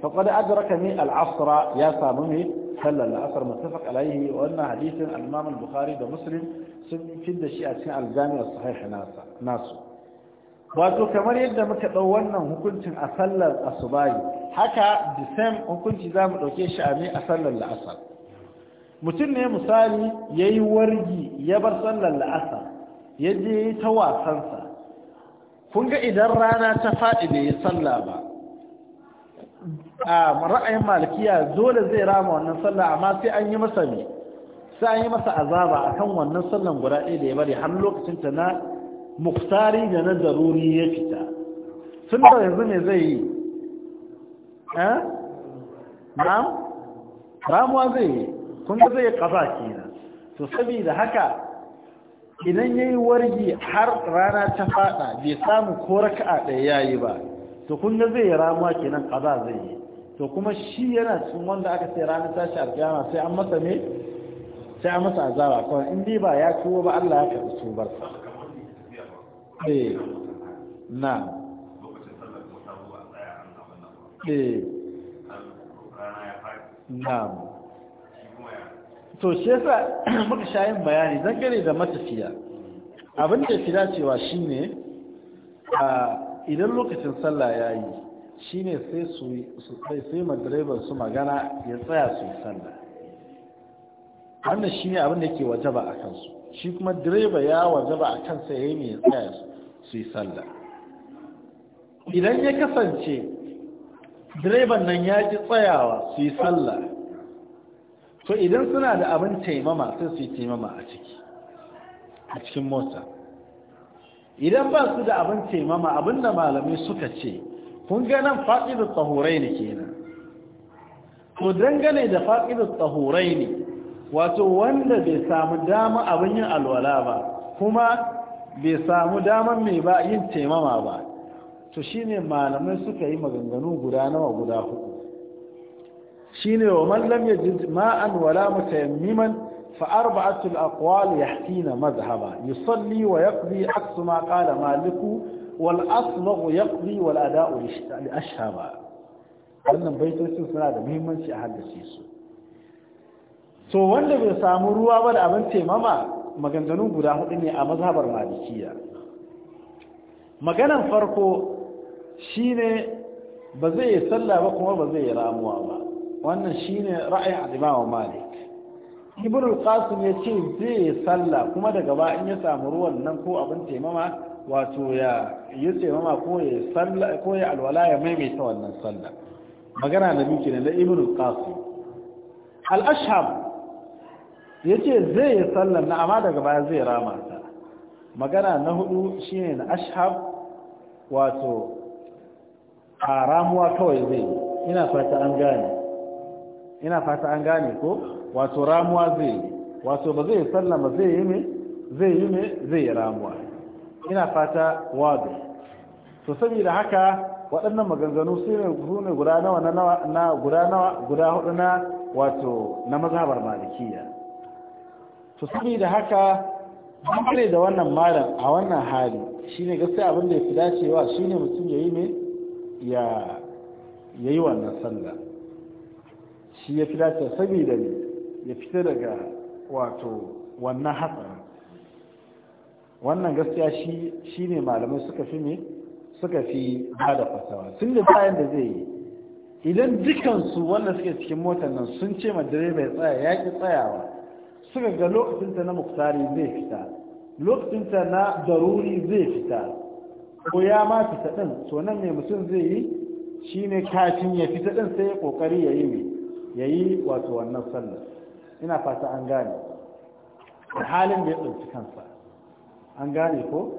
faqad adraka min al-asr ya samu ne sallar al-asr muttafaq alayhi wannan hadisin al-imam al-bukhari da muslim sun fidda shi a cikin aljami'ar jami nasu wato kamar yadda muka ɗau wannan hukuncin a sallar asubahi haka disem hukunci za mu ɗauke shi a ne a sallar la'asar mutum ne misali ya yi wargi ya bar sallar la'asar ya je yi ta wasansa kun ga idan rana ta faɗi da ya salla ba a ra'ayin malkiya dole zai rama wannan salla, amma sai an yi masa ne sai an yi masa azaba akan wannan sallan guda ɗaya da ya bari har lokacinta. na muktari da na daruri ya fita sun da yanzu ne zai yi eh? ramuwa zai yi kun da zai kaza kenan to saboda haka idan ya yi wargi har rana ta fada bai samu ko raka'a ɗaya yi ba to kun da zai ramuwa kenan kaza zai yi to kuma shi yana cikin wanda aka sai ranar tashi alƙiyama sai an masa ne sai an masa azaba kawai in ba ya tuwo ba Allah ya karɓi tubarsa Eh, na eh, na to shi yasa muka yin bayani zangare da matafiya abin da fi dacewa shine a idan lokacin sallah ya yi shi ne sai su sai madribar su magana ya tsaya su yi sallah wannan shi ne abin da ke wajaba a kansu shi kuma direba ya wajaba a kansa ya yi mai tsaya su yi sallah idan ya kasance direban nan ya ji tsayawa su yi sallah to idan suna da abin taimama sai su yi taimama a ciki a cikin mota idan ba su da abin taimama abin da malamai suka ce kun ga nan faɗi da tsahorai ne kenan ko dangane da faɗi da tsahorai ne wato wanda bai samu dama abin yin alwala ba kuma bai samu daman mai ba yin taimama ba to shi ne malamai suka yi maganganu guda nawa guda hudu ne wa mallam ya ji ma'an wala mutayammiman fa arba'atu al-aqwal yahtina yi salli wa yaqdi aksu ma qala maliku wal ya yaqdi wal ada'u li ashaba wannan baitocin suna da muhimmanci a haddace su To wanda bai samu ruwa ba da abin taimama maganganun guda hudu ne a mazhabar malikiya maganan farko shine ba zai yi sallah ba kuma ba zai yi ramuwa ba wannan shine ra'ayin al-Imam Malik Ibn al-Qasim yace zai yi sallah kuma daga ba in ya samu ruwan nan ko abin taimama wato ya yi taimama ko ya sallah ko ya alwala ya maimaita wannan sallah magana da biyu kenan da Ibn al-Qasim al-Ashhab ya ce zai yi sallar na amma daga baya zai rama ta magana na hudu shine na ashab wato a ramuwa kawai zai yi ina fata an gane ina fata an gane ko wato ramuwa zai yi wato ba zai yi sallar ba zai yi me zai yi me zai yi ramuwa ina fata wado to saboda haka waɗannan maganganu su ne guda nawa na guda nawa guda hudu na wato na mazhabar malikiya to saboda haka kare da wannan malam a wannan hali shine gaskiya abin da ya fi dacewa shine mutum ya yi ne ya yi wannan sallah shi ya fi dacewa saboda ne ya fita daga wato wannan hatsarin wannan gaskiya shi ne malamai suka fi ne suka fi ba da fasawa tun da bayan da zai yi idan dukansu wannan suke cikin motar nan sun ce ma direba ya tsaya ya ki tsayawa suka ga lokacinta na muktari zai fita lokacinta na daruri zai fita ko ya ma fita ɗin to nan mai mutum zai yi shi ne kafin ya fita ɗin sai ya ƙoƙari ya yi ne ya yi wato wannan sallar ina fata an gane da halin da ya ɗauki kansa an gane ko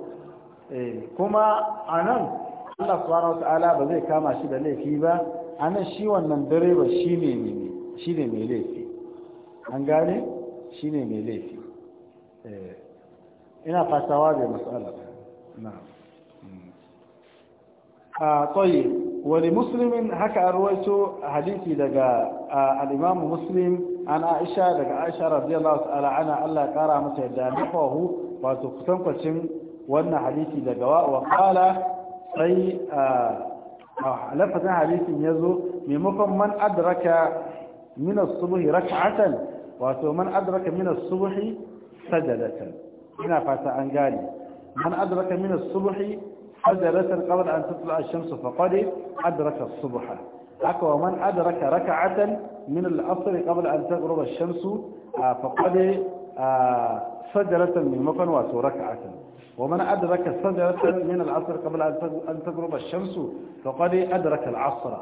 eh, kuma a nan allah subhanahu ta'ala ba zai kama shi da laifi ba a nan shi wannan direba shi ne mai laifi an gane shine mai laifi eh, ina fatawa bai matsala na hmm. a ah, tsaye wani musulmin haka a ruwaito hadisi daga al'imamu muslim an aisha daga aisha radiyallahu ta'ala ana allah kara mata yadda nufahu wato kusankwacin wannan hadisi daga wa kala sai a lafazin hadisin ya zo maimakon man adraka min as-subhi wato man adraka min as-subhi sajadatan ina fata an gane man adraka min as-subhi sajadatan qabla an tatla ash-shamsu faqad adraka as-subha haka wa man adraka rak'atan min al-asr qabla an taghrub ash-shamsu faqad sajadatan mimman wato rak'atan ومن أدرك الصدرة من العصر قبل أن تغرب الشمس فقد أدرك العصر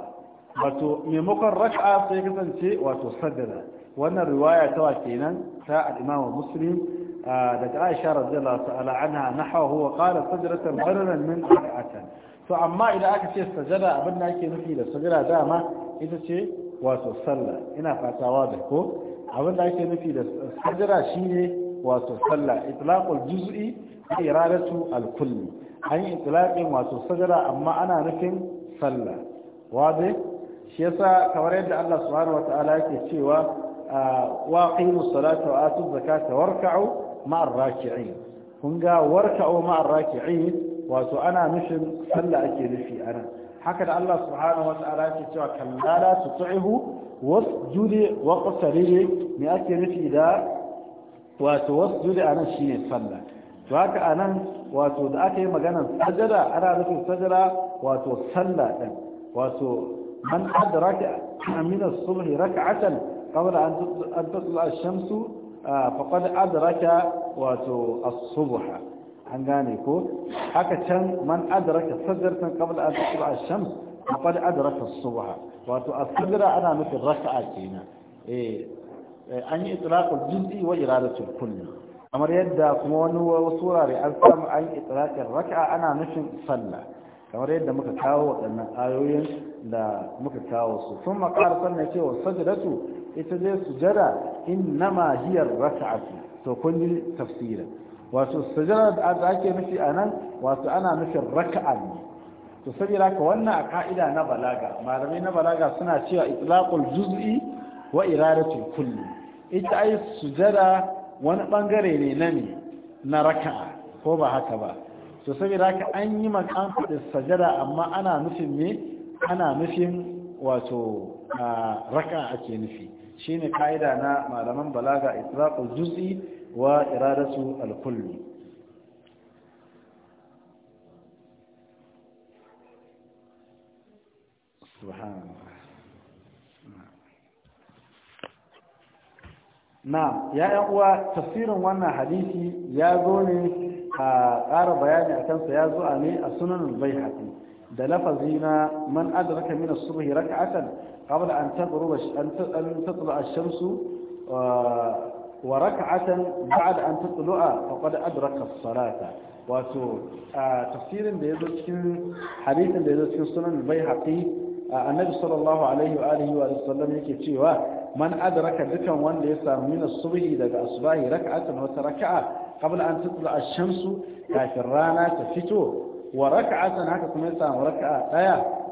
wato maimakon raka'a sai kasance wato sajada wannan riwaya ta kenan ta al-imam muslim daga aisha radiyallahu ta'ala anha nahahu wa qala sajdatan barran min qira'atan to amma idan aka ce sajada abin da ake nufi da sajada dama ita ce wato sallah ina fatawa da ko abin da ake nufi da sajada shine wato sallah itlaqul juz'i bi iradatu al-kulli an yi itlaqin wato sajada amma ana nufin sallah wazi shi yasa kamar yadda Allah subhanahu ta'ala yake cewa waqimu salata wa atu zakata warka'u ma'ar raki'in kun ga warka'u ma'ar raki'in wato ana nufin sallah ake nufi ana haka da Allah subhanahu wa ta'ala yake cewa kalla la tuti'hu wasjudi waqtari me ake nufi da wato wasjudi anan shine sallah to haka anan wato da aka yi maganar sajada ana nufin sajada wato sallah din wato man adraka Amina as-subhi rak'atan qabla an tatla a shamsu faqad adaraka wato as-subha an gane ko haka can man adraka sadratan qabla an tatla a shamsu faqad adraka as-subha wato as-sadra ana nufin rasa a eh an yi itlaqul juz'i wa iradatul kulli kamar yadda kuma wani wasu wurare an samu an yi itlaqul raka ana nufin sallah kamar yadda muka kawo waɗannan ayoyin da muka kawo su sun makar sannan cewa sajidatu ita dai sujada innama hiyar raka'atu to kun yi tafsirin wato sujada da ake nufi nan, wato ana nufin raka'a ne to saboda ka wannan a ka'ida na balaga malamai na balaga suna cewa itlaqul juz'i wa iradatul kulli ita ai sujada wani bangare ne na ne na raka'a ko ba haka ba to saboda ka an yi makan faɗin sajada amma ana nufin me ana nufin wato raka ake nufi Shi ne kaida na malaman balaga itlaqul juz'i wa iradatu al na ya uwa tafsirin wannan hadisi ya zo ne a ƙara bayani a kansa ya zo a ne a sunanin bai da lafazi na man adaraka mina suruhi subhi akan? قبل أن تطلع أن تطلع الشمس وركعة بعد أن تطلع فقد أدرك الصلاة wato a tafsirin da ya zo cikin hadisin da ya zo sunan bai haƙi annabi sallallahu alaihi wa alihi wa sallam yake cewa man adraka dukan wanda ya samu min subhi daga asbahi rak'atan wa raka'a qabla an shamsu kafin rana ta fito wa haka kuma ya samu raka'a ɗaya.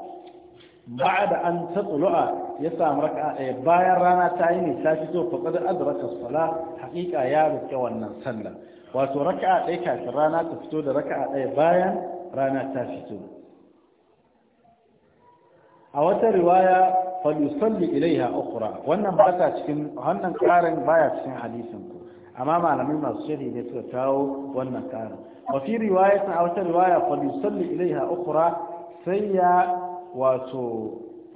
Ba da an tatlu'a ya samu raka'a ɗaya bayan rana ta yi ne ta fito fa qad adraka as-salah ya rike wannan sallah wato raka'a ɗaya kafin rana ta fito da raka'a ɗaya bayan rana ta fito a wata riwaya falusalli ilaiha ukhra wannan ba ta cikin wannan karin baya cikin hadisin ku amma malamai masu shiri ne suka kawo wannan ƙarin. Wafi fi riwayatin a wata riwaya salli ilaiha ukhra sai ya wato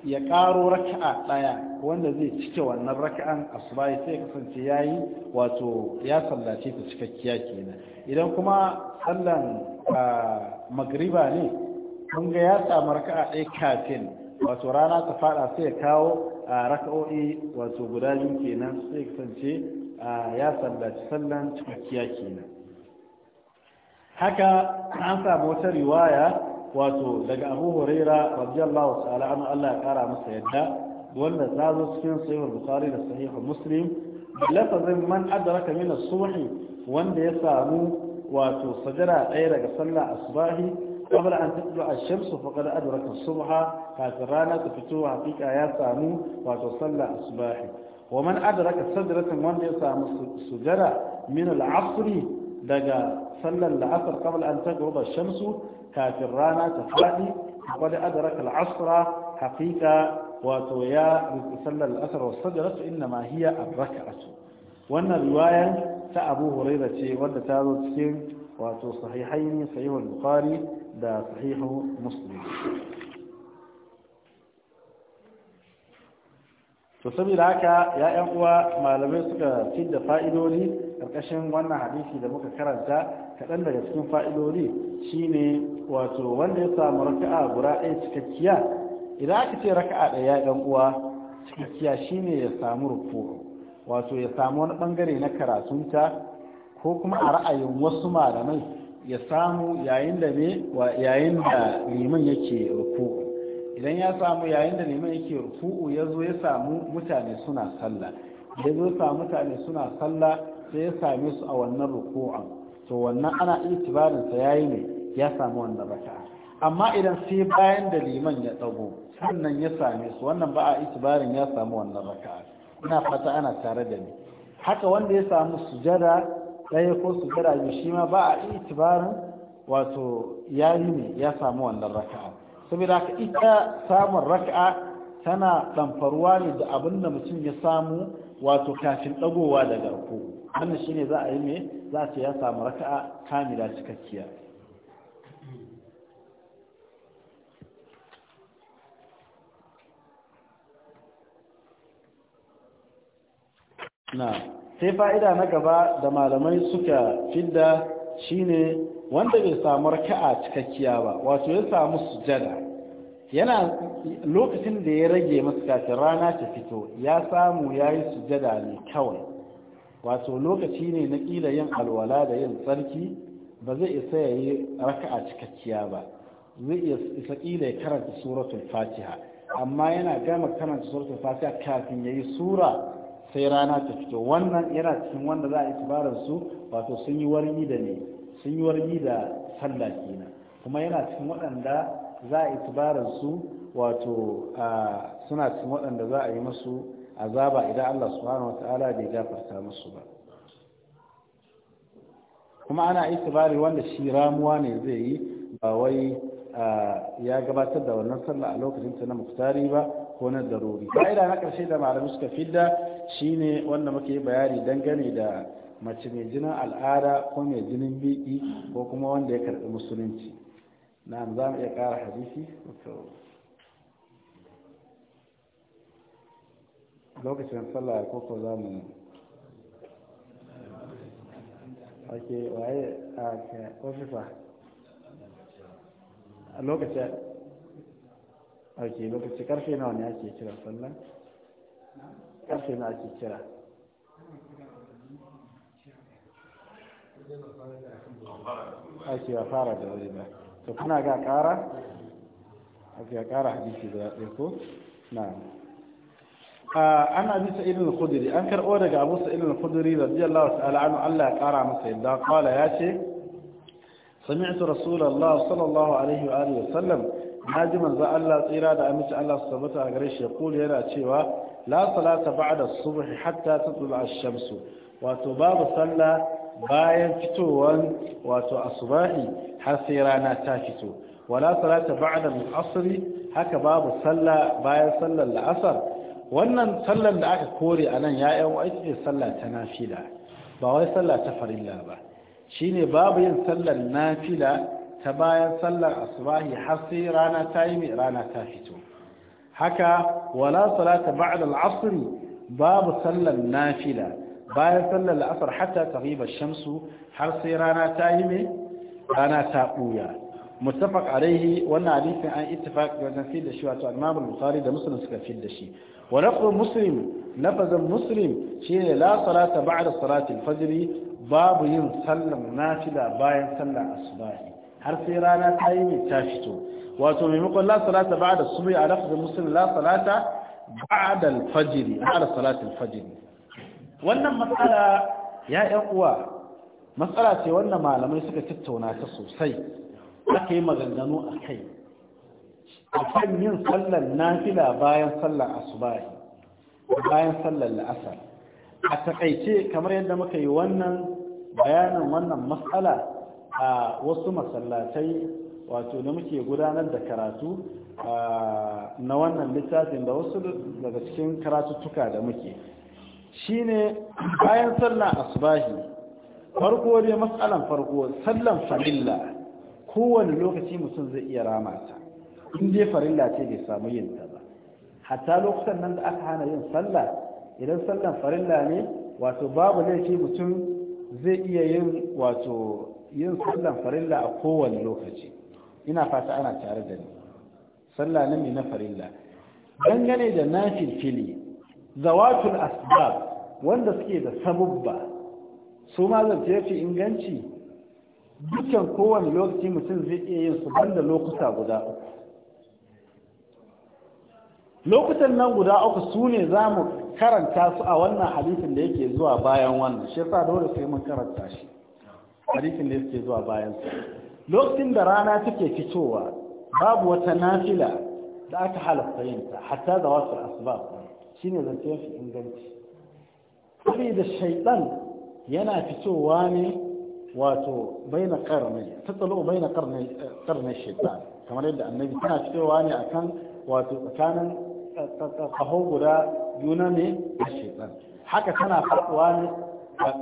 ya karo raka'a ɗaya wanda zai cike wannan raka'an asubahi sai kasance ya yi wato ya sallace ta cikakkiya kenan idan kuma sallan magriba ne kun ga ya samu raka'a ɗaya kafin wato rana ta faɗa sai ya kawo raka'o'i wato guda biyu kenan sai kasance ya sallace sallan cikakkiya kenan haka an samu wata riwaya wato daga abu huraira radiyallahu ta'ala anhu Allah ya kara masa yadda wanda ta zo cikin sahih bukhari da sahih muslim lafazin man adraka min as-subhi wanda ya samu wato sajara ɗaya daga sallah asbahi قبل أن تطلع الشمس فقد أدرك الصبح فاترانا تفتوها فيك آيات سامو وتصلى الصباح ومن أدرك سدرة من يسام السجرة من العصر daga sallar la'asar kamar an tagruba shamsu kafin rana ta faɗi qad adaraka al-asra haqiqa wato ya sallar la'asar wa sajratu inna ma hiya ar-rak'atu wannan riwaya ta Abu huraira ce wanda ta zo cikin wato sahihaini sahihul Bukhari da sahihu Muslim to saboda haka 'ya'yan uwa malamai suka ci da fa'idodi karkashin wannan hadisi da muka karanta kaɗan daga cikin fa'idodi shine wato wanda ya samu raka'a guda ɗaya cikakkiya idan aka ce raka'a ɗaya 'ya'yan uwa cikakkiya shine ya samu rufu wato ya samu wani bangare na karatunta ko kuma a ra'ayin wasu malamai ya samu yayin da ne yayin da liman yake rufu idan ya samu yayin da liman yake ruku'u ya zo ya samu mutane suna sallah ya zo samu mutane suna sallah sai ya same su a wannan ruku'an to wannan ana itibarin sa yayi ne ya samu wannan raka'a amma idan sai bayan da liman ya dago sannan ya same su wannan ba a itibarin ya samu wannan raka'a ina fata ana tare da ni haka wanda ya samu sujada ɗaya ko sujada biyu shi ma ba a itibarin wato yayi ne ya samu wannan raka'a saboda ka ita samun raka'a tana ɗamfarwa ne da abin da mutum ya samu wato kafin ɗagowa da garko wannan shine za a yi mai za a ce ya samu raka'a kamila cikakkiya na sai fa'ida na gaba da malamai suka fidda shine wanda bai samu raka'a cikakkiya ba wato ya samu sujada yana lokacin da ya rage masa kafin rana ta fito ya samu ya yi sujada ne kawai wato lokaci ne na ƙila yin alwala da yin tsarki ba zai isa ya yi raka'a cikakkiya ba zai isa ƙila ya karanta suratul fatiha amma yana gama karanta suratul fatiha kafin ya yi sura sai rana ta fito wannan yana cikin wanda za a yi su wato sun yi wani da ne sun yi wargi da sallah kenan kuma yana cikin waɗanda za a su wato suna cikin waɗanda za a yi musu azaba idan Allah subhanahu wata'ala bai gafarta musu ba kuma ana itibari wanda shi ramuwa ne zai yi ba wai ya gabatar da wannan sallah a lokacin ta na muktari ba ko na daruri fa'ida na ƙarshe da malamai suka fidda shine wanda muke bayani dangane da mace mai jinin al'ada ko mai jinin biki ko kuma wanda ya karɓi musulunci na za mu iya ƙara hadisi lokacin sallah ko ko za mu ake waye a ofisa a lokacin ake lokacin karfe nawa ne ake kira sallah karfe na ake kira ake ya fara da wuri ba to kuna ga kara ake ya kara hadisi da ɗaya ko na an abi sa'id al-khudri an karɓo daga abu sa'id al-khudri radiyallahu ta'ala anhu Allah ya kara masa yadda qala ya ce sami'tu rasulallah sallallahu alaihi wa alihi wa sallam haji manzo Allah tsira da aminci Allah su tabbata a gare shi ya kula yana cewa la salata ba'da subhi hatta tatlu ash-shamsu wato babu sallah bayan fitowan wato asubahi har sai rana ta fito wala salata ba'da al-asr haka babu sallah bayan sallar la'asar wannan sallar da aka kore a nan ya'yan wa ita sallah ta nafila ba wai sallah ta farilla ba shine babu yin sallar nafila ta bayan sallar asubahi har sai rana ta yi mai rana ta fito haka wala salata ba'da al-asr babu sallar nafila bayan sallar la'asar hatta taghiba shamsu har sai rana ta yi mai rana ta buya muttafaq alaihi wannan hadisin an ittifaq wajen fi da shi wato al-mamul Imam Bukhari da Muslim suka fi da shi wa lafzu Muslim lafazan Muslim shine la salata ba'da salati al-fajr babu yin sallar nafila bayan sallar asubahi har sai rana ta yi mai ta fito wato maimakon la salata ba'da subhi a lafzin Muslim la salata ba'da al-fajr ba'da salati al-fajr wannan matsala ya ‘yan uwa matsala ce wannan malamai suka tattauna ta sosai aka yi maganganu a kai a kan yin sallar nafila bayan sallar asubahi bayan sallar la'asar a takaice kamar yadda muka yi wannan bayanin wannan matsala a wasu masallatai wato da muke gudanar da karatu na wannan littafin da wasu daga cikin karatuttuka da muke shine bayan sallan asubahi farko dai matsalan farko sallan farilla kowane lokaci mutum zai iya rama ta in dai farilla ce bai samu yin ta ba hatta lokutan nan da aka hana yin salla idan sallan farilla ne wato babu laifi mutum zai iya yin wato yin sallan farilla a kowane lokaci ina fata ana tare da ni sallah na na farilla dangane da nafil fili zawatul asbab wanda suke da sabubba su ma zance ya ce inganci dukkan kowane lokaci mutum zai iya yin su banda lokuta guda uku lokutan nan guda uku su ne za mu karanta su a wannan hadisin da yake zuwa bayan wannan shi yasa dole sai mun karanta shi hadisin da yake zuwa bayan su lokacin da rana take fitowa babu wata nafila da aka halatta yin ta hatta da wasu asbab shine zance ya fi inganci saboda shaiɗan yana fitowa ne wato baina ta tsalo baina karnai karnai shaitan kamar yadda annabi tana fitowa ne akan wato tsakanin eh, kaho guda juna ne da shaiɗan, haka tana faɗuwa ne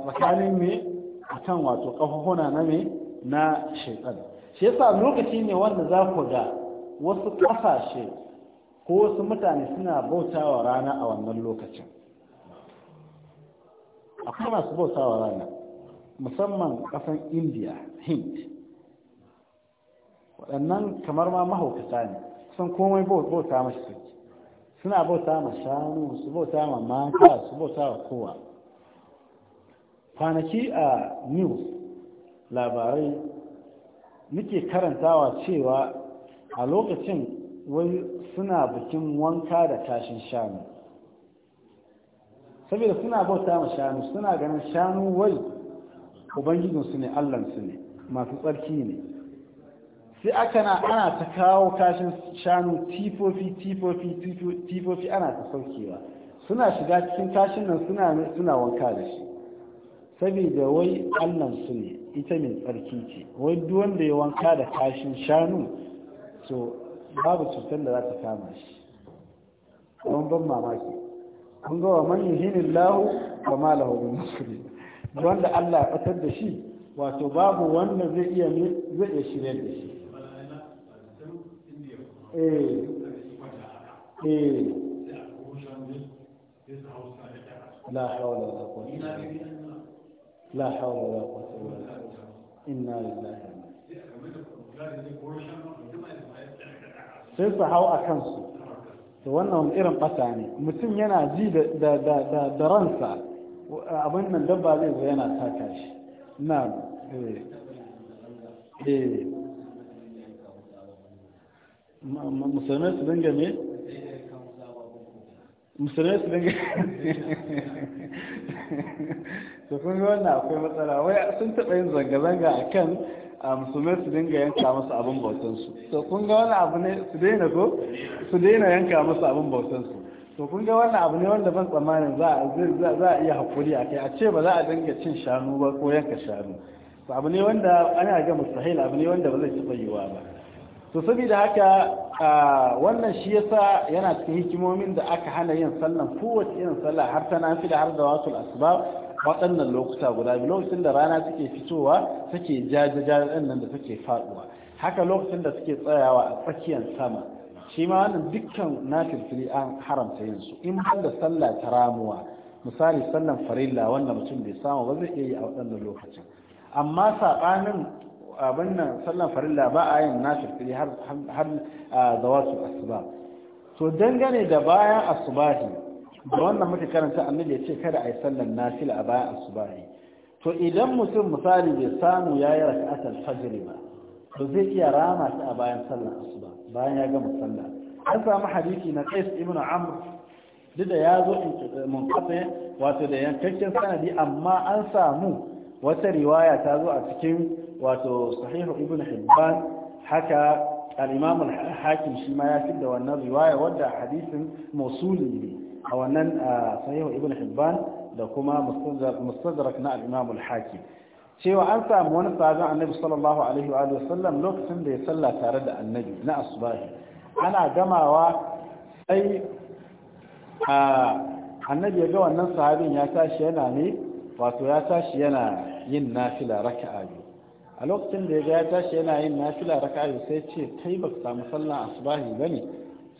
tsakanin me akan wato ƙahohuna na me na shaiɗan, shi yasa lokaci ne wanda za ku ga wasu ƙasashe ko wasu mutane suna bautawa rana a wannan lokacin akwai masu bautawa rana musamman kasan india hind waɗannan kamar ma mahaukata ne sun komai bauta mashi suke suna bauta ma shanu su bauta ma mata su bauta wa kowa kwanaki a news labarai nike karantawa cewa a lokacin wai suna bikin wanka da tashin shanu saboda suna bauta ma shanu suna ganin shanu wai ubangijinsu ne allansu ne masu tsarki ne sai aka na ana ta kawo kashin shanu tifofi tifofi tifofi ana ta saukewa suna shiga cikin kashin nan suna suna wanka da shi saboda wai allansu ne ita mai tsarki ce wai duk wanda ya wanka da kashin shanu to babu cutar da za ta kama shi don ban mamaki An ga wa man yuhinin lahu wa ma lahu nasri wanda Allah ya fatar da shi wato babu wanda zai iya zai iya shirye da shi eh eh la hawla wala quwwata la hawla wala quwwata inna lillahi sai su hau a kansu to wannan irin ɓata ne mutum yana ji da ransa abin nan dabba zai zo yana taka shi na eh. eh. musulmai su dinga ne musulmai su dinga to kun wannan akwai matsala wai sun taɓa yin zanga-zanga a kan A musulmai su dinga yanka masu abin bautansu to kun ga wani abu ne su daina ko su daina yanka masu abin bautansu to kun ga wannan abu ne wanda ban tsammanin za a iya haƙuri a kai a ce ba za a dinga cin shanu ba ko yanka shanu to abu ne wanda ana ga mustahil abu ne wanda ba zai taɓa yiwuwa ba to saboda haka wannan shi yasa yana cikin hikimomin da aka hana yin sallan kowace irin sallah har ta nafi da har da wasu asbab waɗannan lokuta guda biyu lokacin da rana suke fitowa take jajajajen nan da take faɗuwa haka lokacin da suke tsayawa a tsakiyar sama shi ma wannan dukkan na firfiri an haramta yin su in ban da sallah ta ramuwa misali sallan farilla wanda mutum bai samu ba zai iya yi a waɗannan lokacin amma saɓanin abin nan sallan farilla ba a yin na firfiri har ah, zawatu asuba to dangane da bayan asubahi da wannan muka karanta annabi ya ce kada a yi sallar nafila a bayan asubahi to idan mutum misali bai samu ya yi raka'atul fajr ba to zai iya rama ta a bayan sallar asuba bayan ya gama sallah an samu hadisi na Qais ibnu Amr duk da ya zo munqati wato da yankakken sanadi amma an samu wata riwaya ta zo a cikin wato sahihu ibnu Hibban haka al-Imam al-Hakim shi ma ya fi da wannan riwaya wadda hadisin mausuli ne a wannan sahihu ibn hibban da kuma mustadrak na al-imam al-hakim cewa an samu wani sahabin annabi sallallahu alaihi wa sallam lokacin da ya salla tare da annabi na asbahi ana gamawa sai annabi ya ga wannan sahabin ya tashi yana ne wato ya tashi yana yin nafila raka'a biyu a lokacin da ya ga ya tashi yana yin nafila raka'a biyu sai ce kai baka samu sallan asbahi bane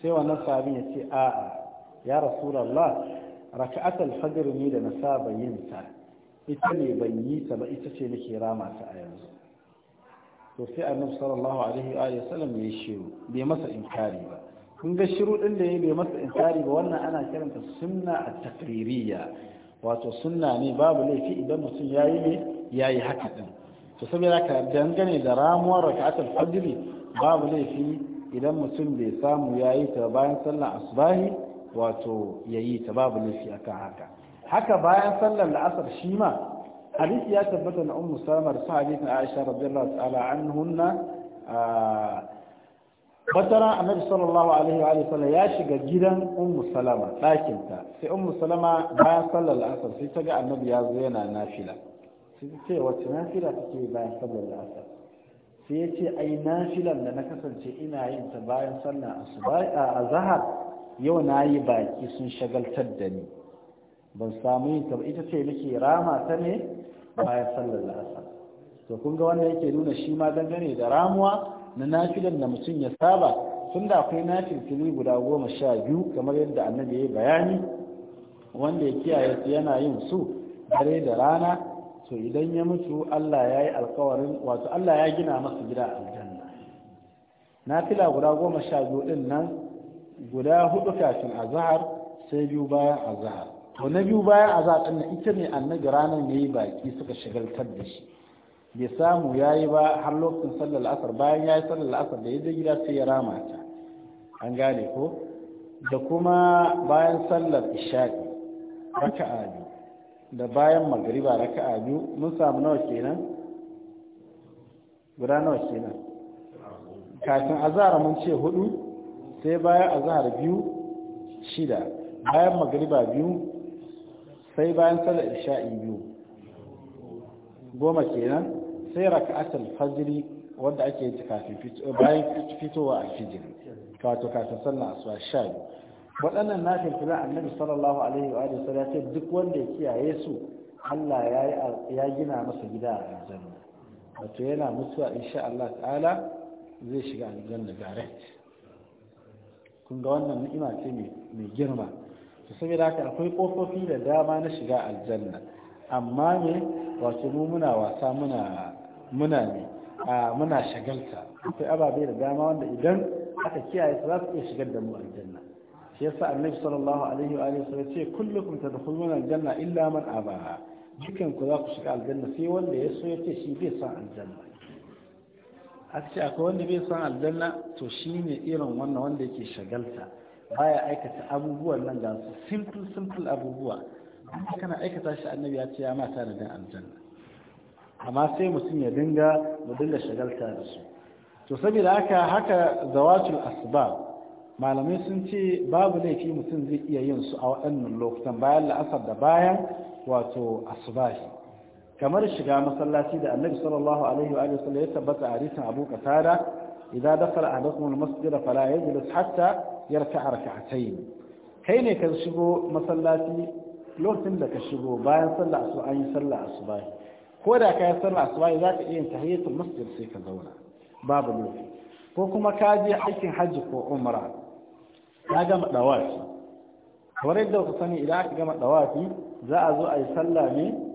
sai wannan sahabin ya ce a'a ya rasulallah raka'at al-fajr ne da na saba yin ta ita ne ban yi ta ba ita ce nake rama ta a yanzu to sai annabi sallallahu alaihi wa alihi ya shiru bai masa inkari ba kun ga shiru din da ya bai masa inkari ba wannan ana kiranta sunna at-taqririyya wato sunna ne babu laifi idan mutum yayi ne yayi haka din to saboda ka dangane da ramuwar raka'at al-fajr babu laifi idan mutum bai samu yayi ta bayan sallar asbahi wato yayi ta babu nufi aka haka haka bayan sallar la'asar shi ma hadisi ya tabbata na ummu salama da sahabitin aisha radiyallahu ta'ala anhunna fatara annabi sallallahu alaihi wa sallam ya shiga gidan ummu salama ɗakin ta sai ummu salama bayan sallar la'asar sai ta ga annabi ya zo yana nafila sai ce wacce nafila take bayan sallar la'asar sai ya ce ai nafilan da na kasance ina yin ta bayan sallar asuba a zahar yau na yi baki sun shagaltar da ni ban samu yin ta ita ce muke rama ta ne bayan sallar asa. to kun ga wannan yake nuna shi ma dangane da ramuwa na nafilan da mutum ya saba tun da akwai nafilfili guda goma sha biyu kamar yadda annabi ya yi bayani wanda ya kiyaye su yana yin su dare da rana to idan ya mutu Allah ya yi alkawarin wato Allah ya gina masa gida aljanna nafila guda goma sha biyu din nan guda hudu kafin azhar sai biyu bayan azhar to na biyu bayan azhar din ita ne annabi ranar ne yi baki suka shagaltar da shi bai samu yayi ba har lokacin sallar asar bayan yayi sallar asar da ya je gida sai ya rama ta an gane ko da kuma bayan sallar isha'i raka'a biyu da bayan magariba raka'a biyu mun samu nawa kenan guda nawa kenan kafin azara mun ce hudu sai bayan azahar biyu shida bayan magariba biyu sai bayan sada isha'i biyu goma kenan sai asal fajiri wanda ake yi kafin bayan fitowa a fijin kawato kafin sannan asuwa sha biyu waɗannan na filfila annabi sallallahu alaihi wa sallam ce duk wanda ya kiyaye su Allah ya gina masa gida a aljanna wato yana mutuwa insha Allah ta'ala zai shiga aljanna direct kun ga wannan ni'ima ce mai girma to saboda haka akwai kofofi da dama na shiga aljanna amma me wato mu muna wasa muna muna ne muna shagalta akwai ababe da dama wanda idan aka kiyaye su za su iya shigar da mu aljanna shi yasa annabi sallallahu alaihi wa alihi ce kullukum tadkhuluna aljanna illa man abaha dukan ku za ku shiga aljanna sai wanda ya so ya ce shi bai san aljanna aka ce akwai wanda bai son aljanna to shi ne irin wannan wanda yake shagalta baya aikata abubuwan nan ga su simple simple abubuwa amma kana aikata shi annabi ya ce ya mata da dan aljanna amma sai mutum ya dinga mu dinga shagalta da su to saboda haka haka zawatul asbab malamai sun ce babu laifi mutum zai iya yin su a waɗannan lokutan bayan la'asar da bayan wato asubahi kamar shiga masallaci da annabi sallallahu alaihi wa sallam ya tabbata a hadisin Abu Qatada idza dakhala ahadukum al-masjid fala yajlis hatta yarka'a rak'atayn kai ne ka shigo masallaci lokacin da ka shigo bayan sallah asu an yi sallah asuba ko da ka yi sallah asuba za ka iya tahiyatul masjid sai ka zauna babu lokaci ko kuma ka je aikin hajji ko umra ka gama dawafi kamar yadda ku sani idan aka gama dawafi za a zo a yi sallah ne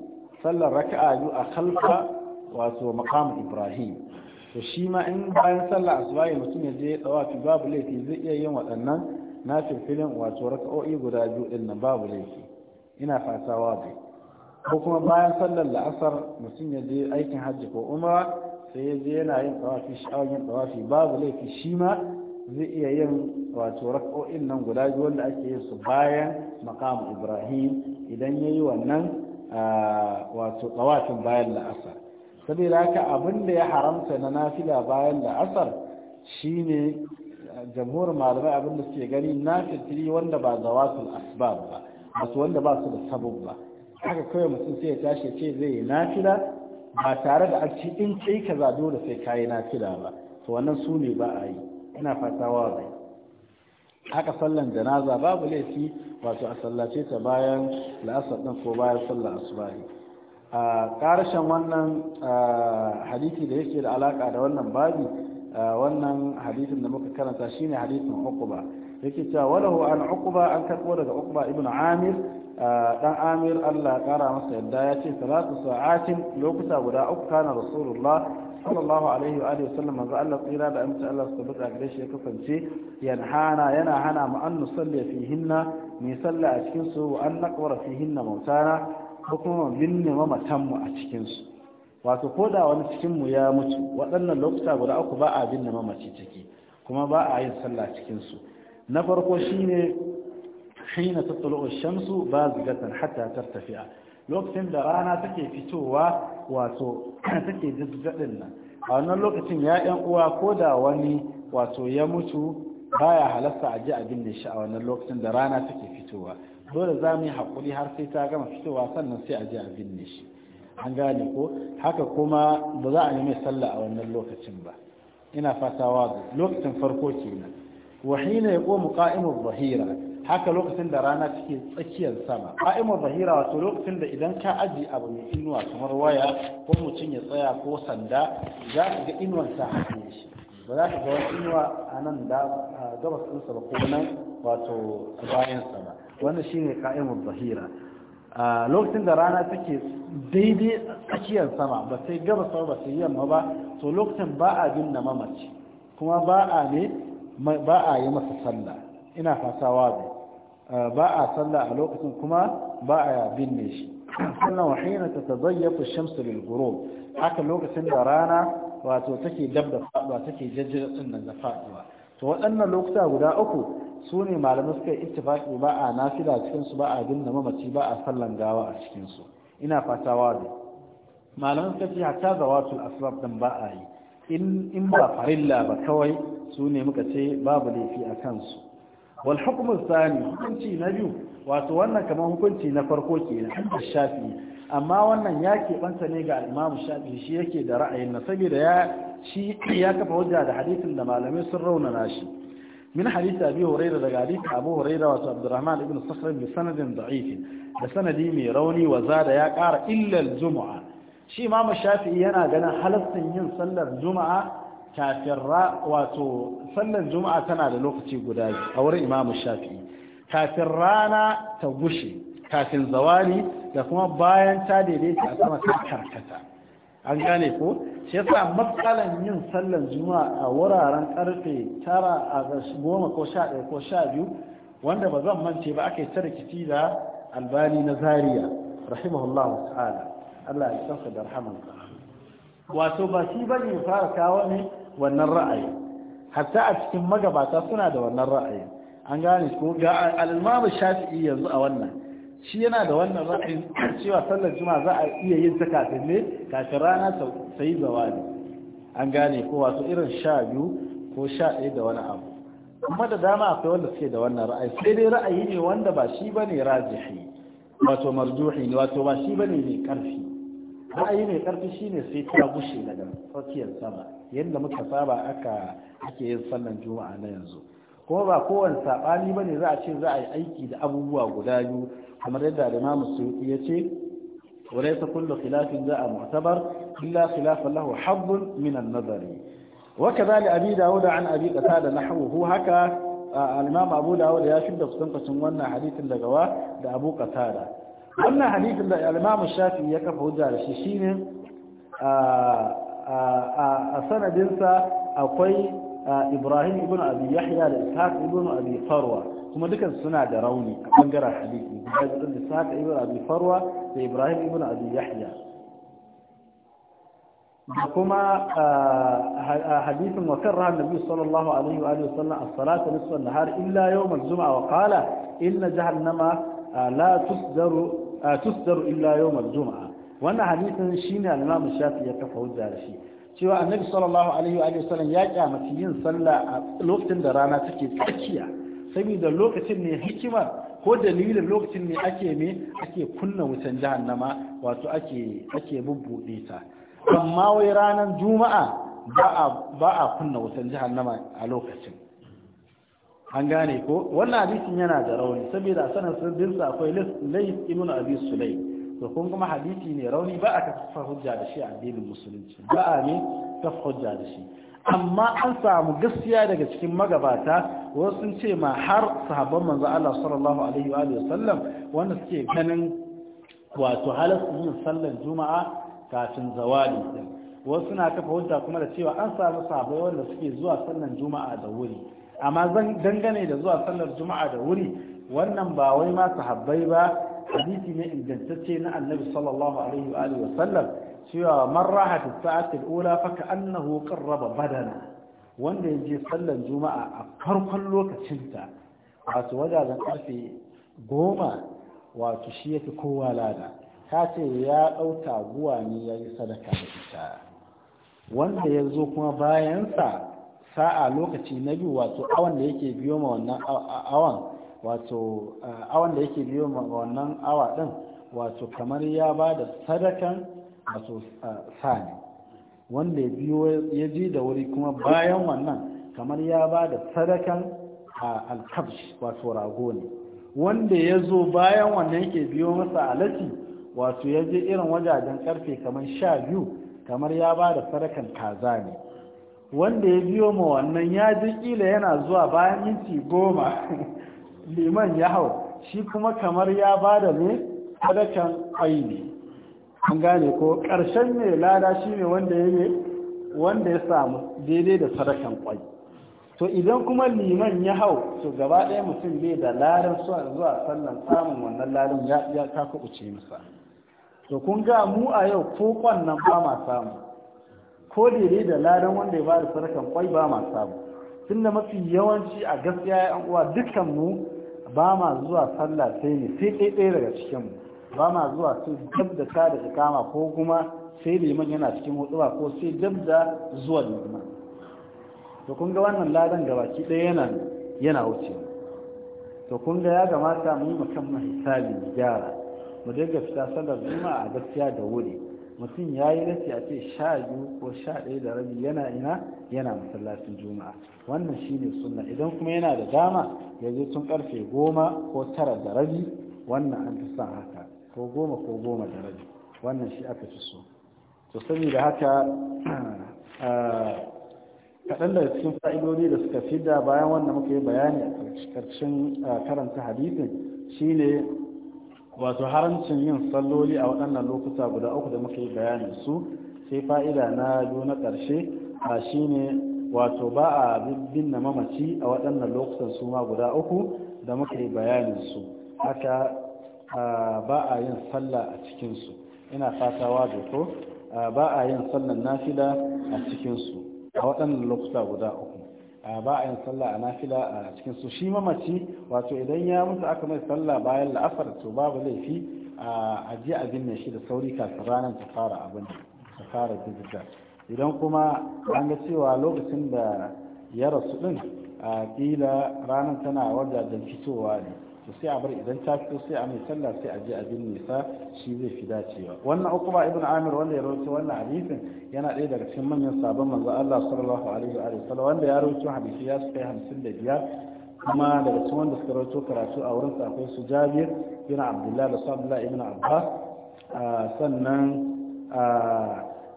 sallar raka'a biyu a khalfa wato maqam ibrahim to shi ma in bayan sallar asubahi mutum ya je tsawafi babu laifi zai iya yin waɗannan na filfilin wato raka'o'i guda biyu din nan babu laifi ina fata wazi ko kuma bayan sallar la'asar mutum ya je aikin hajji ko umara sai ya je yana yin tsawafi sha'awar yin tsawafi babu laifi shi ma zai iya yin wato rak'o'in nan guda biyu wanda ake yin su bayan makamu ibrahim idan ya yi wannan wato tsawafin bayan la'asar saboda haka abin da ya haramta na nafila bayan la'asar shine jamhurin malamai abin da suke gani nafitiri wanda ba zawatul asbab ba wato wanda ba su da sabon ba haka kawai mutum sai ya tashi ce zai yi nafila ba tare da an ci in kai ka za dole sai ka yi nafila ba to wannan su ne ba a yi ina fatawa bai haka sallan janaza babu laifi wato a sallace ta bayan la'asar ɗin ko bayan sallar asubahi a ƙarshen wannan hadithi da yake da alaƙa da wannan babi wannan hadisin da muka karanta shine hadisin uquba yake cewa walahu an uquba an karbo daga uquba ibn amir dan amir Allah ƙara masa yadda ya ce salatu sa'atin lokuta guda uku kana rasulullah sallallahu alaihi wa alihi wasallam manzo Allah tsira da amsa Allah su tabbata shi ya kasance yanhana yana hana mu an nusalli fihinna mai salla a cikin su an naqwara fihin na mautana ko kuma binne mamatanmu mu a cikinsu. su wato ko da wani cikin mu ya mutu waɗannan lokuta guda uku ba a binne mamaci ciki kuma ba a yin sallah cikin su na farko shine hina tatlu'u shamsu bazigatan hatta tartafi'a lokacin da rana take fitowa wato take jizgadin nan a wannan lokacin ya yan uwa ko da wani wato ya mutu baya halasta a ji abin da shi a wannan lokacin da rana take fitowa dole za mu yi haƙuri har sai ta gama fitowa sannan sai a ji abin da shi an gane ko haka kuma ba za a yi mai sallah a wannan lokacin ba ina fata wazo lokacin farko kenan wahina ya ƙomu ƙa'imar zahira haka lokacin da rana take tsakiyar sama ƙa'imar zahira wato lokacin da idan ka aji abu mai inuwa kamar waya ko mutum ya tsaya ko sanda za ka ga inuwarsa hakan shi ba za ka ga wani inuwa a nan da gabas ɗinsa ba ko nan wato bayansa ba wannan shi ne ka'imun zahira lokacin da rana take daidai tsakiyar sama ba sai gabas ba sai yamma ba to lokacin ba a binne mamaci kuma ba a ne ba a yi masa sallah ina fasawa ba ba a sallah a lokacin kuma ba a binne shi sannan wahina ta tazayyafu shamsu lil haka lokacin da rana wato take dab da faɗuwa take jajjira din nan da faɗuwa to waɗannan lokuta guda uku su ne malamai suka yi ittifaqi ba a nafila cikin su ba a binne mamaci ba a sallan gawa a cikin su ina fata wadi malamai suka ce hatta zawatul asbab din ba a yi in in ba farilla ba kawai su ne muka ce babu laifi a kansu wal hukmu sani hukunci na biyu wato wannan kamar hukunci na farko kenan da shafi amma wannan ya keɓanta ne ga imamu shafi shi yake da ra'ayin na saboda ya shi ya kafa hujja da hadisin da malamai sun raunana shi min hadisi abi huraira daga hadisi abu huraira wato abdurrahman ibn sakhr bi sanadin da'if da sanadi mai rauni wa zada ya ƙara illal juma'a shi imamu shafi yana ganin halastin yin sallar juma'a kafin ra wato sallar juma'a tana da lokaci guda a wurin imamu shafi'i kafin rana ta gushe kafin zawali da kuma bayan ta daidaita a sama ta karkata an gane ko shi yasa matsalan yin sallan juma'a a wuraren karfe tara a goma ko sha ɗaya ko sha biyu wanda ba zan mance ba aka yi ta rikici da albani na zaria rahimahullahu ta'ala Allah ya san da ka. wato ba shi ba ne fara kawo ne wannan ra'ayi hatta a cikin magabata suna da wannan ra'ayi an gane ko ga al-Imam Shafi'i yanzu a wannan shi yana da wannan ra'ayin cewa sallar juma'a za a iya yin ta kafin ne kafin rana ta sai zawali an gane ko wato irin sha biyu ko sha ɗaya da wani abu amma da dama akwai wanda suke da wannan ra'ayi sai dai ra'ayi ne wanda ba shi bane rajihi wato marjuhi ne wato ba shi bane mai karfi ra'ayi mai karfi shine sai ta gushe daga tsakiyar sama yadda muka saba aka ake yin sallar juma'a na yanzu kuma ba kowane saɓani ne za a ce za a yi aiki da abubuwa guda biyu kamar yadda al-Imam Suyuti ta kulla kullu za a mu'tabar illa khilafan lahu hadd minan nazari wa kadhalika Abi Dawud an Abi na nahwuhu haka al-Imam Abu Dawud ya shidda kusancin wannan hadisin daga wa da Abu Qatada wannan hadisin da al shafi ya kafa hujja da shi shine a sanadinsa akwai Ibrahim ibn Abi Yahya da Ishaq ibn Abi Farwa kuma dukan suna da rauni a bangaren hadisi da da saka ibn abi farwa da ibrahim ibn abi yahya da kuma hadisin wa kan karra annabi sallallahu alaihi wa sallam a salatu nisfa an-nahar illa yau al-jum'a wa qala inna jahannama la tusdaru tusdaru illa yau al-jum'a wannan hadisin shine al-imam shafi ya kafa hujja da shi cewa annabi sallallahu alaihi wa sallam ya kyamaci yin sallah a lokacin da rana take tsakiya saboda lokacin ne hikima ko dalilin lokacin ne ake ne ake kunna wutan jahannama wato ake ake bubbude ta amma wai ranar juma'a ba a ba a kunna wutan jahannama a lokacin an gane ko wannan hadisin yana da rauni saboda sanar sirrin sa akwai lais ibn abi sulay to kun kuma hadisi ne rauni ba a kafa hujja da shi a addinin musulunci ba a ne kafa hujja da shi amma an samu gaskiya daga cikin magabata wasu sun ce ma har sahabban manzo Allah sallallahu alaihi wa sallam wanda suke ganin wato halasu yin sallar juma'a kafin zawali din wasu suna kafa hujja kuma da cewa an samu sahabbai wanda suke zuwa sallar juma'a da wuri amma zan dangane da zuwa sallar juma'a da wuri wannan ba wai ma sahabbai ba hadisi ne ingantacce na annabi sallallahu alaihi wa sallam cewa man raha ta sa'ati al-ula fa annahu qarraba badana wanda yaje sallar juma'a a farkon lokacin ta wato wajajen karfe goma wato shi yake kowa lada ta ce ya ɗauka guwa ne ya yi sadaka da ita wanda ya zo kuma bayansa sa'a lokaci na biyu wato awan da yake biyo ma wannan awan wato awan da yake biyo ma wannan awa din wato kamar ya ba da sadakan so sani wanda ya ji da wuri kuma bayan wannan kamar ya ba da sadakan alkabshi wato rago ne wanda ya zo bayan wannan yake biyo masa alati wato ya je irin wajajen karfe kamar sha biyu kamar ya ba da sadakan kaza ne wanda ya biyo ma wannan ya ji kila yana zuwa bayan minti goma liman ya hau shi kuma kamar ya ba da ne sadakan aini. an gane ko ƙarshen mai lada shi ne wanda ya ne wanda ya samu daidai da sadakan kwai to idan kuma liman ya hau to gaba ɗaya mutum bai da ladan zuwa sannan samun wannan ladan ya ta kuɓuce masa to kun ga mu a yau ko kwannan ba ma samu ko daidai da ladan wanda ya bada sadakan kwai ba ma samu tunda mafi yawanci a gaskiya ya uwa dukkan mu ba ma zuwa sallah sai ne sai ɗaya daga cikin mu ba ma zuwa sai dab da ta da ikama ko kuma sai liman yana cikin hutuba ko sai dab da zuwan liman to kun ga wannan ladan gabaki ɗaya yana yana wuce to kun ga ya gamata mu mu kan hisabi gyara mu daga fita sallar juma'a a gaskiya da wuri mutum ya yi rashi a ce sha biyu ko sha ɗaya da rabi yana ina yana masallacin juma'a wannan shine sunna idan kuma yana da dama ya je tun karfe goma ko tara da rabi wannan an fi son haka ko goma ko goma da wannan shi aka fi so to saboda haka ah, kaɗan daga cikin fa'idodi da suka fi da bayan wannan muka yi bayani a ƙarshen ah, karanta hadisin shine wato harancin yin salloli a waɗannan lokuta guda uku da muka yi bayani su sai fa'ida na biyu na ƙarshe a ah, shine wato ba a binne mamaci a waɗannan lokutan su ma guda uku da muka yi bayanin su haka ba a yin sallah a cikinsu ina fata waje ko ba a yin sallan nafila a cikinsu a waɗannan lokuta guda uku ba a yin sallah a nafila a cikinsu shi mamaci wato idan ya mutu aka mai sallah bayan la'afar to babu laifi a ji a binne shi da sauri kafin ranar ta fara abin ta fara digital idan kuma an ga cewa lokacin da ya rasu din a ƙila ranar tana wajajen fitowa ne to sai a bar idan ta fito sai a mai sallah sai a je a nisa shi zai fi dacewa wannan uku ba ibn amir wanda ya rawaito wannan hadisin yana ɗaya daga cikin manyan sabon manzo Allah sallallahu alaihi wa sallam wanda ya rawaito hadisi ya su kai hamsin da biyar kuma daga cikin wanda suka rawaito karatu a wurin sa akwai su Jabir ibn Abdullah da Sabla ibn Abbas sannan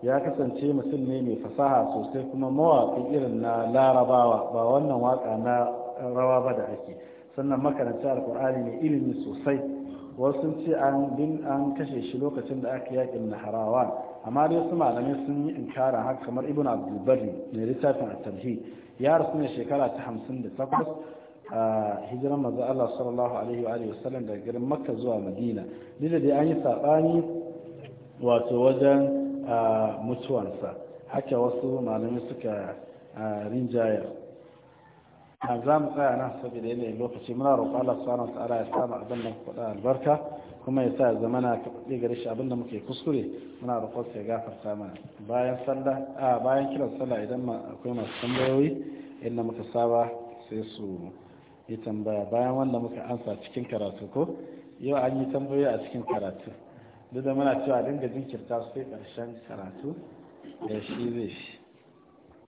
ya kasance mutum ne mai fasaha sosai kuma mawaƙi irin na larabawa ba wannan waka na rawa ba da ake sannan makaranta alkur'ani ne ilimi sosai wasu ce an kashe shi lokacin da aka na naharawa amma dai su malamai sun yi inkara haka kamar ibn abdulbari mai littafin a tarhi ya rasu ne shekara ta hamsin da takwas a hijiran maza Allah sallallahu alaihi wa daga garin Makka zuwa Madina duk da an yi saɓani wato wajen mutuwansa haka wasu malamai suka rinjaya a za mu tsaya nan saboda yanayin lokaci muna roƙo Allah subhanahu wata'ala ya samu abin da kuɗa albarka kuma ya sa zama na kaɗe gare shi abin da muke kuskure muna roƙon sai gafarta mana bayan sallah a bayan kiran sallah idan akwai masu tambayoyi inda muka saba sai su yi tambaya bayan wanda muka ansa cikin karatu ko yau an yi tambayoyi a cikin karatu duk da muna cewa dinga jinkirta sai ƙarshen karatu da shi zai shi